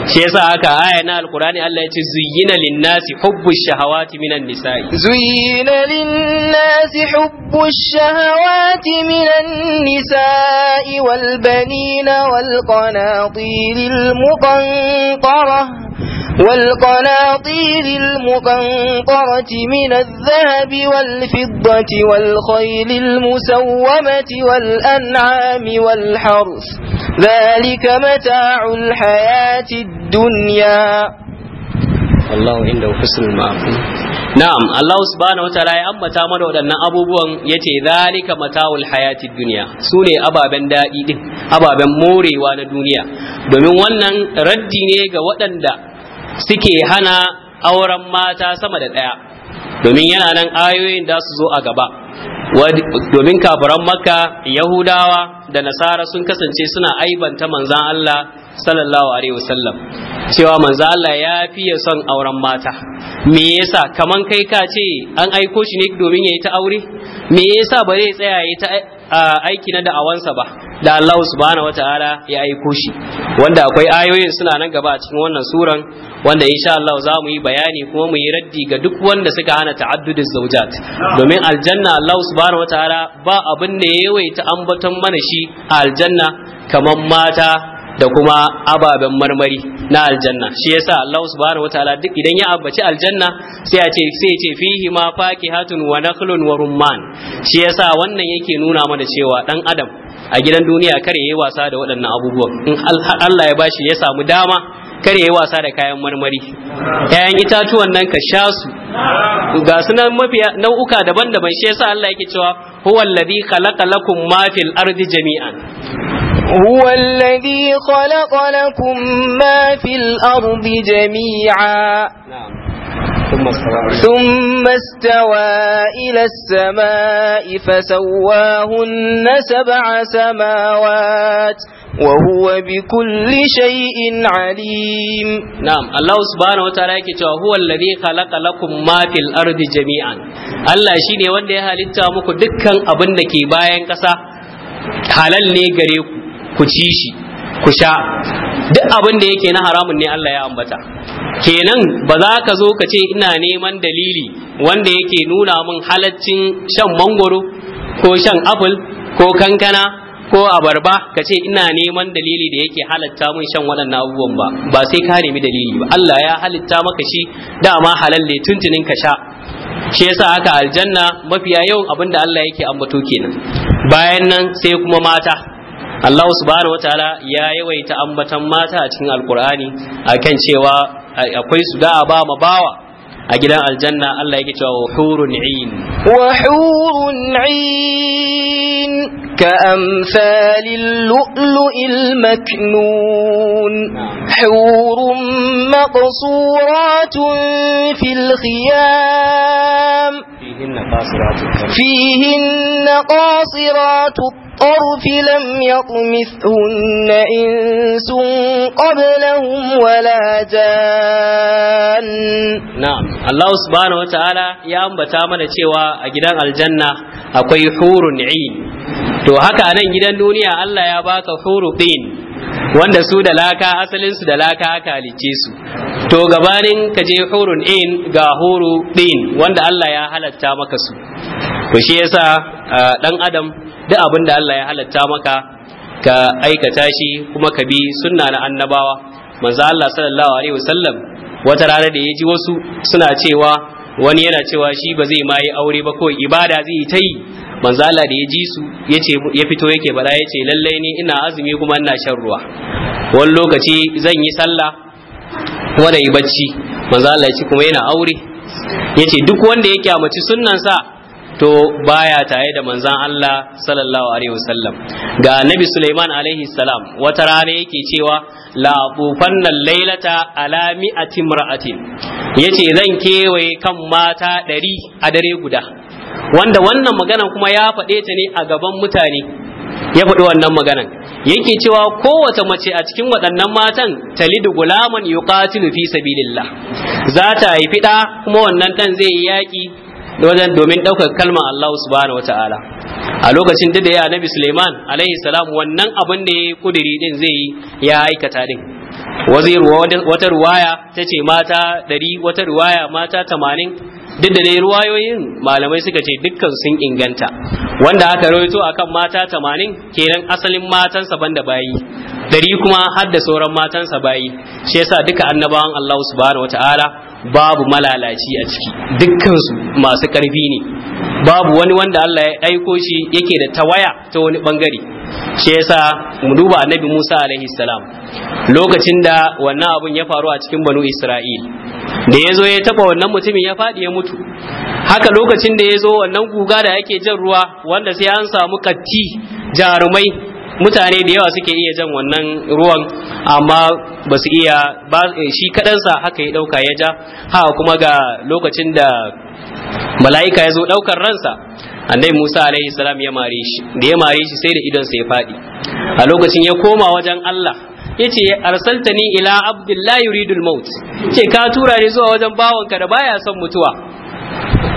shi yasa aka aya na alqur'ani Allah yace zuyyina lin nasi hubbu shahawati minan nisa'i zuyyina lin nasi hubbu shahawati minan nisa'i wal banina wal qanatiril والقناطير المقنطرة من الذهب والفضة والخيل المسومة والأنعام والحرث ذلك متاع الحياة الدنيا الله عنده حسن المعافي Na'am, Allah subhanahu wa ta'ala ya ambata mana waɗannan abubuwan ya ce, Zalika mata'ul hayatid duniya, su ne ababen daɗi ɗin, ababen morewa na duniya, domin wannan raddi ne ga waɗanda suke hana auren mata sama da ɗaya domin yana nan ayoyin da su zo a gaba domin kafiran makka yahudawa da nasara sun kasance suna aibanta manzan Allah sallallahu alaihi wasallam cewa manzan Allah ya fiye son auren mata me yasa kaman kai ka ce an aiko shi ne domin ya yi ta aure me yasa ba zai tsaya ya ta aiki na da'awansa ba da Allah subhanahu wataala ya aiko shi wanda akwai ayoyin suna nan gaba a cikin wannan suran wanda insha Allah za mu yi bayani kuma mu yi raddi ga duk wanda suka hana ta'addudiz zawjat domin aljanna Allah subhanahu wataala ba abin da ya yawaita ambaton mana shi a aljanna kamar mata da kuma ababen marmari na aljanna shi yasa Allah subhanahu wataala duk idan ya ambaci aljanna sai ya ce sai ya ce fihi ma faqihatun wa nakhlun wa rumman shi yasa wannan yake nuna mana cewa dan adam a gidan duniya kare yayi wasa da waɗannan abubuwan in Allah ya bashi ya samu dama kare yayi wasa da kayan marmari kayan itatuwan nan ka sha su ga su nan nau'uka daban-daban shi yasa Allah yake cewa huwa alladhi khalaqa lakum ma fil ardi jami'an هو الذي خلق لكم ما في الأرض جميعا ثم استوى إلى السماء فسواهن سبع سماوات وهو بكل شيء عليم نعم الله سبحانه وتعالى كتاب هو الذي خلق لكم ما في الأرض جميعا الله شيني وانده هالتا مكو دكا أبنك باين كسا halal ne gare ku ku ci shi ku sha duk abin da yake na haramun ne Allah ya ambata kenan ba za ka zo ka ce ina neman dalili wanda yake nuna mun halaccin shan mangoro ko shan apple ko kankana ko abarba ka ce ina neman dalili da yake halatta mun shan waɗannan abubuwan ba ba sai ka nemi dalili ba Allah ya halitta maka shi dama halalle tuntunin ka sha shi yasa haka aljanna mafiya yawan abin da Allah yake ambato kenan bayan nan sai kuma mata Allah subhanahu wa ta'ala ya yawaita ambatan mata a cikin alkur'ani akan cewa akwai su da ba ma bawa a gidan aljanna Allah yake cewa hurun ayn wa hurun ayn ka amsalil lu'lu'il maknun hurun maqsuratun fil khiyam fihinna qasiratun طرف لم يطمثهن إنس قبلهم ولا جان نعم الله سبحانه وتعالى يا أمبا تامنا تيوى أجدان الجنة أكوي حور عين to haka nan gidan duniya Allah ya baka hurufin wanda su da laka asalinsu da laka aka halicce su to gabanin ka je hurun in ga huru din wanda Allah ya halatta maka su ku shi yasa dan adam duk abin da Allah ya halatta maka ka aikata shi kuma ka bi sunna na annabawa manzo Allah sallallahu alaihi wasallam wata rana da ya ji wasu suna cewa wani yana cewa shi ba zai ma yi aure ba ko ibada zai yi ta yi manzo Allah da ya su yace ya fito yake bada yace lallai ni ina azumi kuma ina shan ruwa wani lokaci zan yi sallah kuma da yi bacci manzo Allah ya ce kuma yana aure yace duk wanda ya kyamaci sunnan sa to baya tare da manzan Allah sallallahu alaihi wasallam ga Nabi Sulaiman alaihi salam wata rana yake cewa la tufanna lailata ala mi'ati mar'atin yace zan kewaye kan mata ɗari a dare guda wanda wannan magana kuma ya faɗe ta ne a gaban mutane ya faɗi wannan maganan yake cewa kowace mace a cikin waɗannan matan talidu gulaman yuqatilu fi sabilillah za ta haifi ɗa kuma wannan ɗan zai yi yaƙi wajen domin ɗaukar kalma Allah subhanahu wata'ala a lokacin da ya annabi Suleiman alaihi salam wannan abin da ya kudiri din zai yi ya aikata din wata ruwaya ta ce mata ɗari wata ruwaya mata tamanin duk da dai ruwayoyin malamai suka ce dukkan sun inganta wanda aka rawaito akan mata tamanin kenan asalin matansa banda bayi ɗari kuma har da sauran matansa bayi shi yasa duka annabawan Allah subhanahu wata'ala babu malalaci a ciki dukkansu masu ƙarfi ne babu wani wanda Allah ya aiko shi yake da tawaya ta wani bangare shi yasa mu duba annabi Musa alaihi salam lokacin da wannan abun ya faru a cikin banu Isra'il da ya zo ya taba wannan mutumin ya faɗi ya mutu haka lokacin da ya zo wannan guga da yake jan ruwa wanda sai an samu katti jarumai mutane da yawa suke iya jan wannan ruwan amma basu su iya eh, shi kaɗansa haka ya ɗauka ya ja ha kuma ga lokacin da mala'ika ya zo ɗaukar ransa annabi Musa alaihi salam ya mare shi da ya mare shi sai da idonsa ya faɗi. a lokacin ya koma wajen Allah ya ce arsaltani ila abdullahi yuridul maut ce ka tura ni zuwa wajen bawanka da baya son mutuwa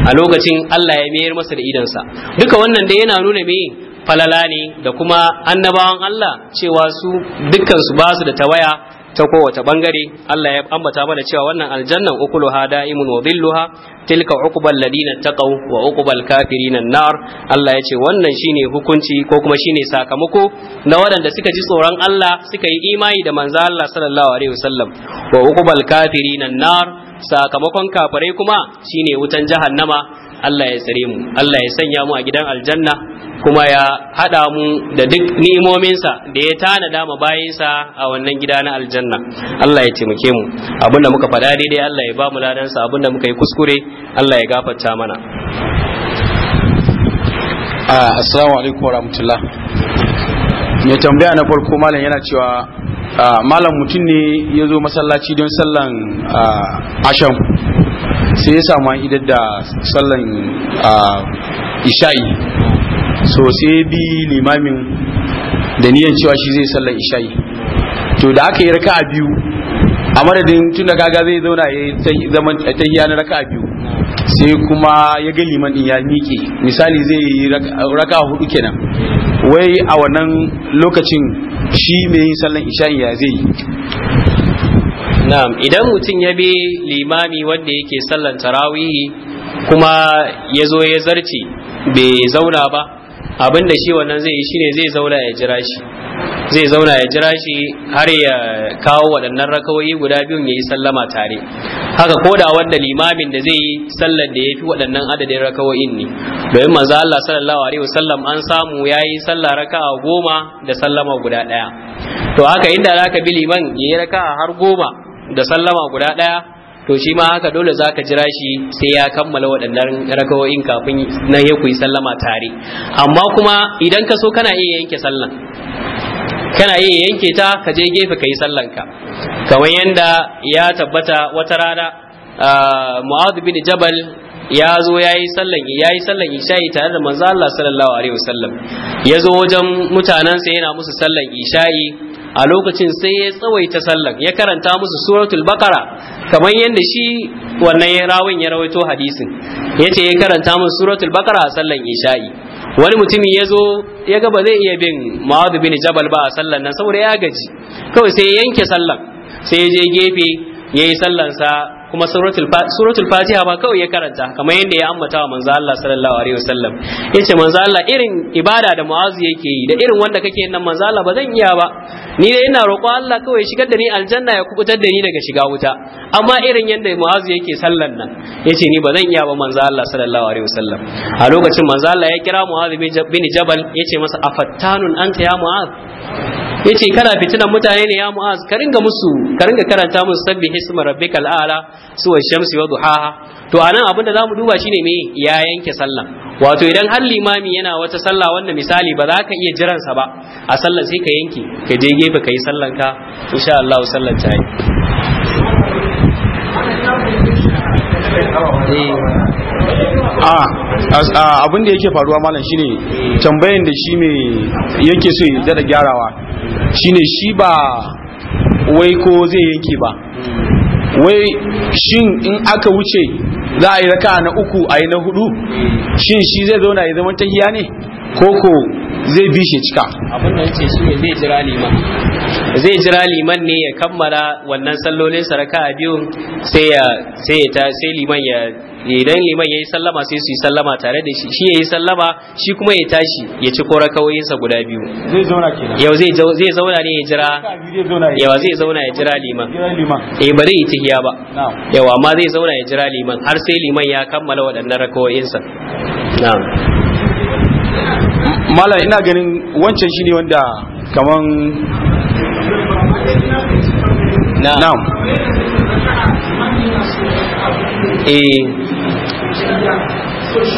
a lokacin Allah ya mayar masa da idonsa duka wannan da yana nuna me falala ne da kuma annabawan Allah cewa su dukkan su basu da tawaya ta kowace bangare Allah ya ambata mana cewa wannan aljannan ukuluha da'imun wa dhilluha tilka uqbal ladina taqaw wa uqbal kafirin nar Allah ya ce wannan shine hukunci ko kuma shine sakamako na waɗanda suka ji tsoron Allah suka yi imani da manzo Allah sallallahu alaihi wasallam wa uqbal kafirin nar sakamakon kafirai kuma shine wutan jahannama Allah ya tsare mu Allah ya sanya mu a gidan aljanna kuma ya haɗa mu da duk ni'imominsa da ya tanada mu bayinsa a wannan gida na aljanna Allah ya taimake mu abinda muka faɗa daidai Allah ya ba mu ladansa abinda muka yi kuskure Allah ya gafarta mana ah, assalamu alaikum rahmatullah mai tambaya na farko malam yana cewa ah, malam mutum ne ya zo masallaci don sallan ah, asham sai ya samu an da sallan isha'i so sai bi limamin da niyan cewa shi zai sallan isha'i to da aka yi raka a biyu a madadin tun da gaga zai zauna ya zama ta yi na raka a biyu sai kuma ya ga liman din ya miƙe misali zai yi raka hudu kenan wai a wannan lokacin shi mai yin sallan isha'i ya zai na'am idan mutum ya bi limami wanda yake sallan tarawihi kuma ya zo ya zarce bai zauna ba abin da shi wannan zai yi shine zai zauna ya jira shi zai zauna ya jira shi har ya kawo waɗannan rakawoyi guda biyun ya yi sallama tare haka ko da wanda limamin da zai yi sallar da ya fi waɗannan adadin rakawoyin ne domin manzo Allah sallallahu alaihi wasallam an samu ya yi sallah raka'a goma da sallama guda ɗaya to haka inda zaka bi liman ya yi raka'a har goma da sallama guda ɗaya to shi ma haka dole za ka jira shi sai ya kammala waɗannan rakawo'in kafin nan ya kuyi sallama tare amma kuma idan ka so kana iya yanke sallan kana iya yanke ta ka je gefe ka yi sallanka kamar yadda ya tabbata wata rana mu'adu bin jabal ya zo ya yi sallan ya yi sallan isha'i tare da manzo Allah sallallahu alaihi wasallam ya zo wajen mutanensa yana musu sallan isha'i a lokacin sai ya tsawaita sallar ya karanta musu suratul bakara kamar yadda shi wannan ya rawin ya rawaito hadisin Ya ce ya karanta musu suratul bakara a sallar isha'i wani mutumi ya zo ya ga ba zai iya bin ma'adu bin jabal ba a sallar nan saboda ya gaji kawai sai ya yanke sallar sai ya je gefe ya yi sallansa kuma suratul fatiha ba kawai ya karanta kamar yadda ya ambata wa manzo Allah sallallahu alaihi wasallam yace manzo Allah irin ibada da mu'azu yake yi da irin wanda kake nan manzo Allah ba zan iya ba ni dai ina roƙo Allah kawai shigar da ni aljanna ya kubutar da ni daga shiga wuta amma irin yadda mu'azu yake sallan nan yace ni ba zan iya ba manzo Allah sallallahu alaihi wasallam a lokacin manzo Allah ya kira mu'azu bin jabal yace masa afattanun anta ya mu'az yace kana fitinan mutane ne ya mu'az ka ringa musu ka ringa karanta musu sabbi hisma rabbikal a'la suwa shamsi wa duhaha to anan abin da zamu duba shine me ya yanke sallah wato idan har limami yana wata sallah wanda misali ba za ka iya jiran sa ba a sallar sai ka yanke ka je gefe ka yi sallan ka insha Allah sallar ta yi eh, ah, ah, abin da yake faruwa malam shine tambayan da shi mai yake so ya dada gyarawa shine shi ba wai ko zai yanke ba wai shin in aka wuce za a yi raka na uku a yi na hudu shin shi zai zauna ya zama tahiya ne koko zai bi shi cika abin da ce shi ne zai jira liman zai jira liman ne ya kammala wannan sallolin saraka a biyu sai ya sai ya ta sai liman ya idan liman yayi sallama sai su yi sallama tare da shi shi yayi sallama shi kuma ya tashi ya ci kora kawoyinsa guda biyu zai zauna kenan yau zai zai zauna ne ya jira yawa zai zauna ya jira liman eh ba zai yi tihiya ba yawa amma zai zauna ya jira liman har sai liman ya kammala waɗannan rakawoyinsa na'am malam ina ganin wancan shine wanda kaman na'am eh 我是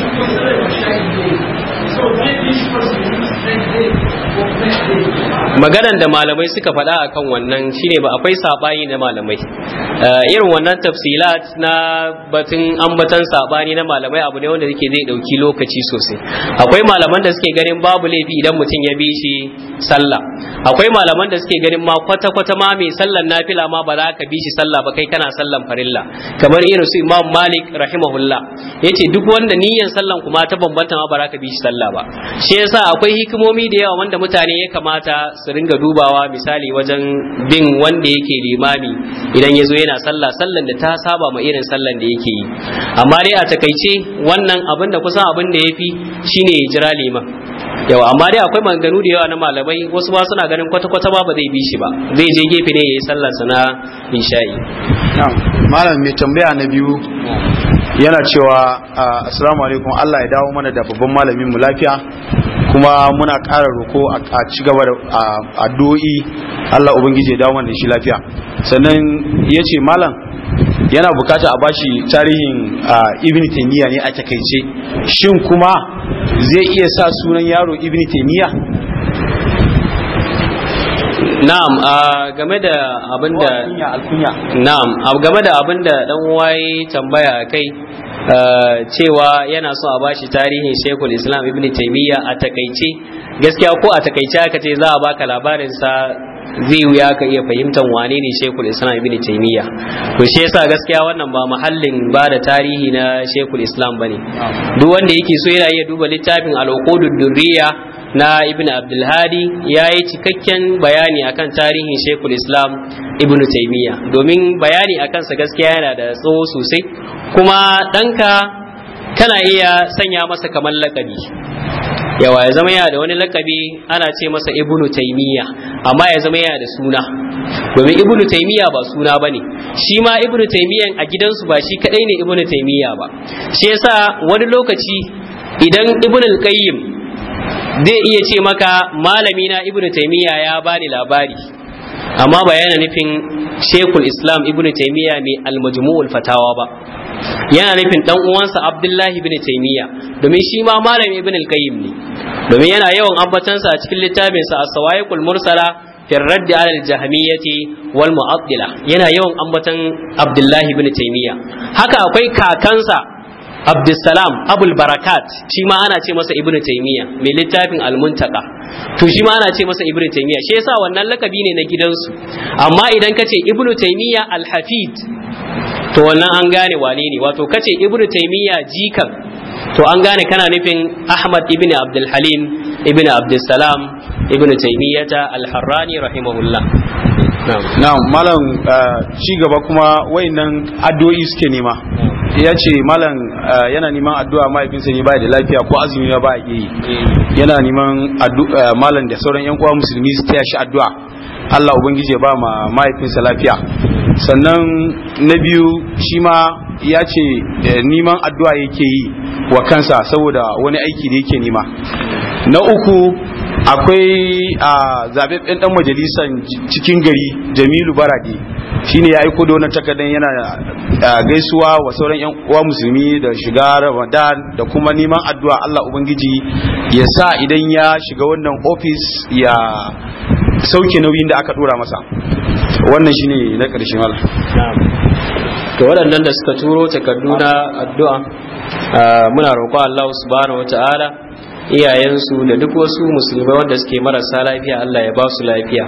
maganan da malamai suka faɗa akan wannan shine ba akwai sabani na malamai eh, irin wannan tafsilat na batun ambatan sabani na malamai abu ne wanda yake zai dauki lokaci sosai akwai malaman da suke ganin babu laifi idan mutum ya bi shi sallah akwai malaman da suke ganin ma kwata kwata ma mai sallan nafila ma ba za ka bi shi sallah ba kai kana sallan farilla kamar irin su Imam Malik rahimahullah yace duk wanda niyyar sallan kuma ta bambanta ma ba za ka bi shi sallah ba shi yasa akwai hikimomi da yawa wanda mutane ya kamata su su ringa dubawa misali wajen bin wanda yake limami idan ya zo yana sallah sallan da ta saba ma irin sallan da yake yi amma dai a takaice wannan abin da kusan abin da ya fi shine jira liman yawa amma dai akwai maganganu da yawa na malamai wasu ba suna ganin kwata-kwata ba zai bi shi ba zai je gefe ne ya yi sallarsa na isha'i malam mai tambaya na biyu yana cewa assalamu alaikum Allah ya dawo mana da babban malamin mu lafiya kuma muna ƙara roko a ci gaba da addu'o'i Allah ubangiji ya dawo mana da shi lafiya sannan ya ce malam yana bukata a bashi tarihin ibn taymiya ne a takaice shin kuma zai iya sa sunan yaro ibn taymiya na'am a game da abin da na'am a game da abin da dan waye tambaya kai cewa yana so a bashi tarihin shekul Islam Ibn taymiya a takaice gaskiya ko a takaice aka ce za a baka labarin sa zai wuya ka iya fahimtar wane ne shekul islam ibn taimiyya to shi yasa gaskiya wannan ba mahallin ba da tarihi na shekul islam ne. duk wanda yake so yana iya duba littafin al-uqudud na ibn abdulhadi ya yi cikakken bayani akan tarihin shekul islam ibn taimiyya domin bayani akan sa gaskiya yana da tsawo sosai kuma ɗanka kana iya sanya masa kamar lakabi yawa ya zama yana da wani lakabi ana ce masa ibnu taymiya amma ya zama yana da suna domin ibnu taymiya ba suna bane shi ma ibnu taymiyan a gidansu ba shi kadai ne ibnu taymiya ba shi yasa wani lokaci idan ibnu al zai iya ce maka malami na ibnu taymiya ya bani labari amma ba yana nufin shekul islam ibnu taimiyya mai almajmu'ul fatawa ba yana nufin dan uwansa abdullahi ibnu taimiyya domin shi ma malam ibn al-qayyim ne domin yana yawan ambatansa a cikin littafin sa as-sawaiqul mursala fi raddi ala al-jahmiyyati wal mu'attila yana yawan ambatan abdullah ibn taymiya haka akwai kakansa Abdussalam Abul Barakat shi ma ana ce masa Ibn Taymiya mai littafin Al-Muntaka to shi ma ana ce masa Ibn Taymiya shi yasa wannan lakabi ne na gidansu amma idan kace Ibn Taymiya Al-Hafid to wannan an gane wane ne wato kace Ibn Taymiya jikan to an gane kana nufin Ahmad ibn Abdul Halim ibn Abdul Salam ibn Taymiyyata al-Harrani rahimahullah na'am malam uh, ci gaba kuma wayannan addu'o'i suke nema ya ce malam uh, yana neman addu'a mahaifinsa ne baya da lafiya ko azumi ba ba yi eh. yana neman uh, malam da sauran yan uwa musulmi su taya shi addu'a Allah ubangiji ba ma mahaifinsa lafiya sannan na biyu shi ma ya ce neman addu'a yake yi wa kansa saboda wani aiki da yake nema na uku akwai a zaɓaɓɓen ɗan majalisar cikin gari jamilu barade shi ne ya aiko da wani takardar yana gaisuwa wa sauran yan uwa musulmi da shiga ramadan da kuma neman addu'a allah ubangiji ya sa idan ya shiga wannan ofis ya sauke nauyin da aka dora masa wannan shine na karshen Allah. to waɗannan da suka turo takardu na addu'a muna roƙo Allah subhanahu wataala iyayensu da duk wasu musulmai wanda suke marasa lafiya Allah ya ba su lafiya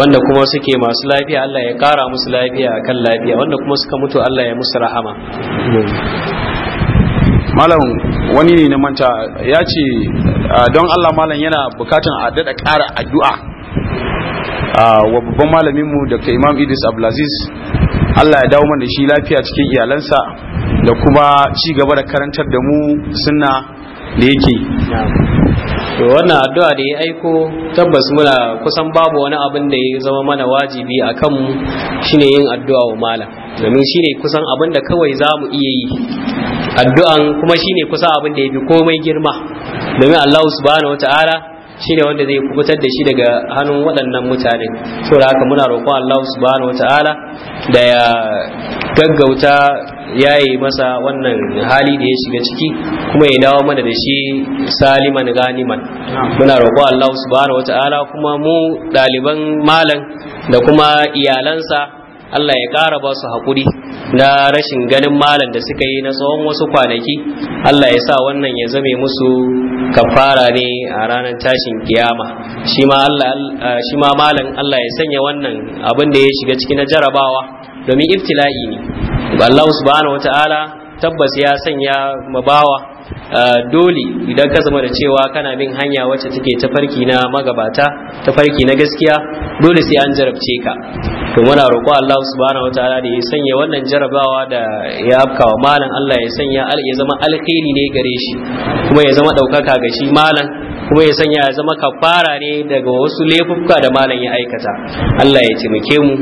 wanda kuma suke masu lafiya Allah ya ƙara musu lafiya kan lafiya wanda kuma suka mutu Allah ya musu rahama malam wani ne na manta ya ce don Allah malam yana bukatan a daɗa ƙara addu'a wa babban malamin mu Dr. Imam Idris Abdulaziz Allah ya dawo mana shi lafiya cikin iyalansa da kuma ci gaba da karantar da mu suna da yake to wannan addu'a da ya aiko tabbas muna kusan babu wani abin da ya zama mana wajibi a kan shine yin addu'a wa malam domin shine kusan abin da kawai za mu iya yi addu'an kuma shine kusan abin da ya fi komai girma domin Allah subhanahu wa ta'ala Shi ne wanda zai kubutar da shi daga hannun waɗannan mutane to da haka muna roƙon Allah subhanahu wataala da ya gaggauta yayi masa wannan hali da ya shiga ciki kuma ya dawo mana da shi saliman ganiman muna roƙon Allah subhanahu wataala kuma mu ɗaliban malam da kuma iyalansa Allah ya ƙara ba su haƙuri na rashin ganin malam da suka yi na tsawon wasu kwanaki Allah ya sa wannan ya zame musu kafara ne a ranar tashin kiyama shi ma ah, malam Allah ya sanya wannan abin da ya shiga cikin na jarabawa domin ibtila'i ne Allah subhanahu wataala tabbas ya sanya mabawa Eh, dole idan ka zama da cewa kana bin hanya wacce take farki na magabata ta farki na gaskiya dole sai an jarabce ka to muna roƙo Allah subhanahu wataala da ya sanya wannan jarabawa da ya afkawa malam Allah ya sanya ya zama alkhairi ne gare shi kuma ya zama ɗaukaka ga shi malam kuma ya sanya ya zama kafara ne daga wasu laifuka da malam ya aikata Allah ya taimake mu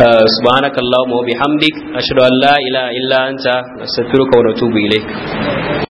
eh, subhanakallahumma wa bihamdik ashhadu an la ilaha illa anta astaghfiruka wa atubu ilaik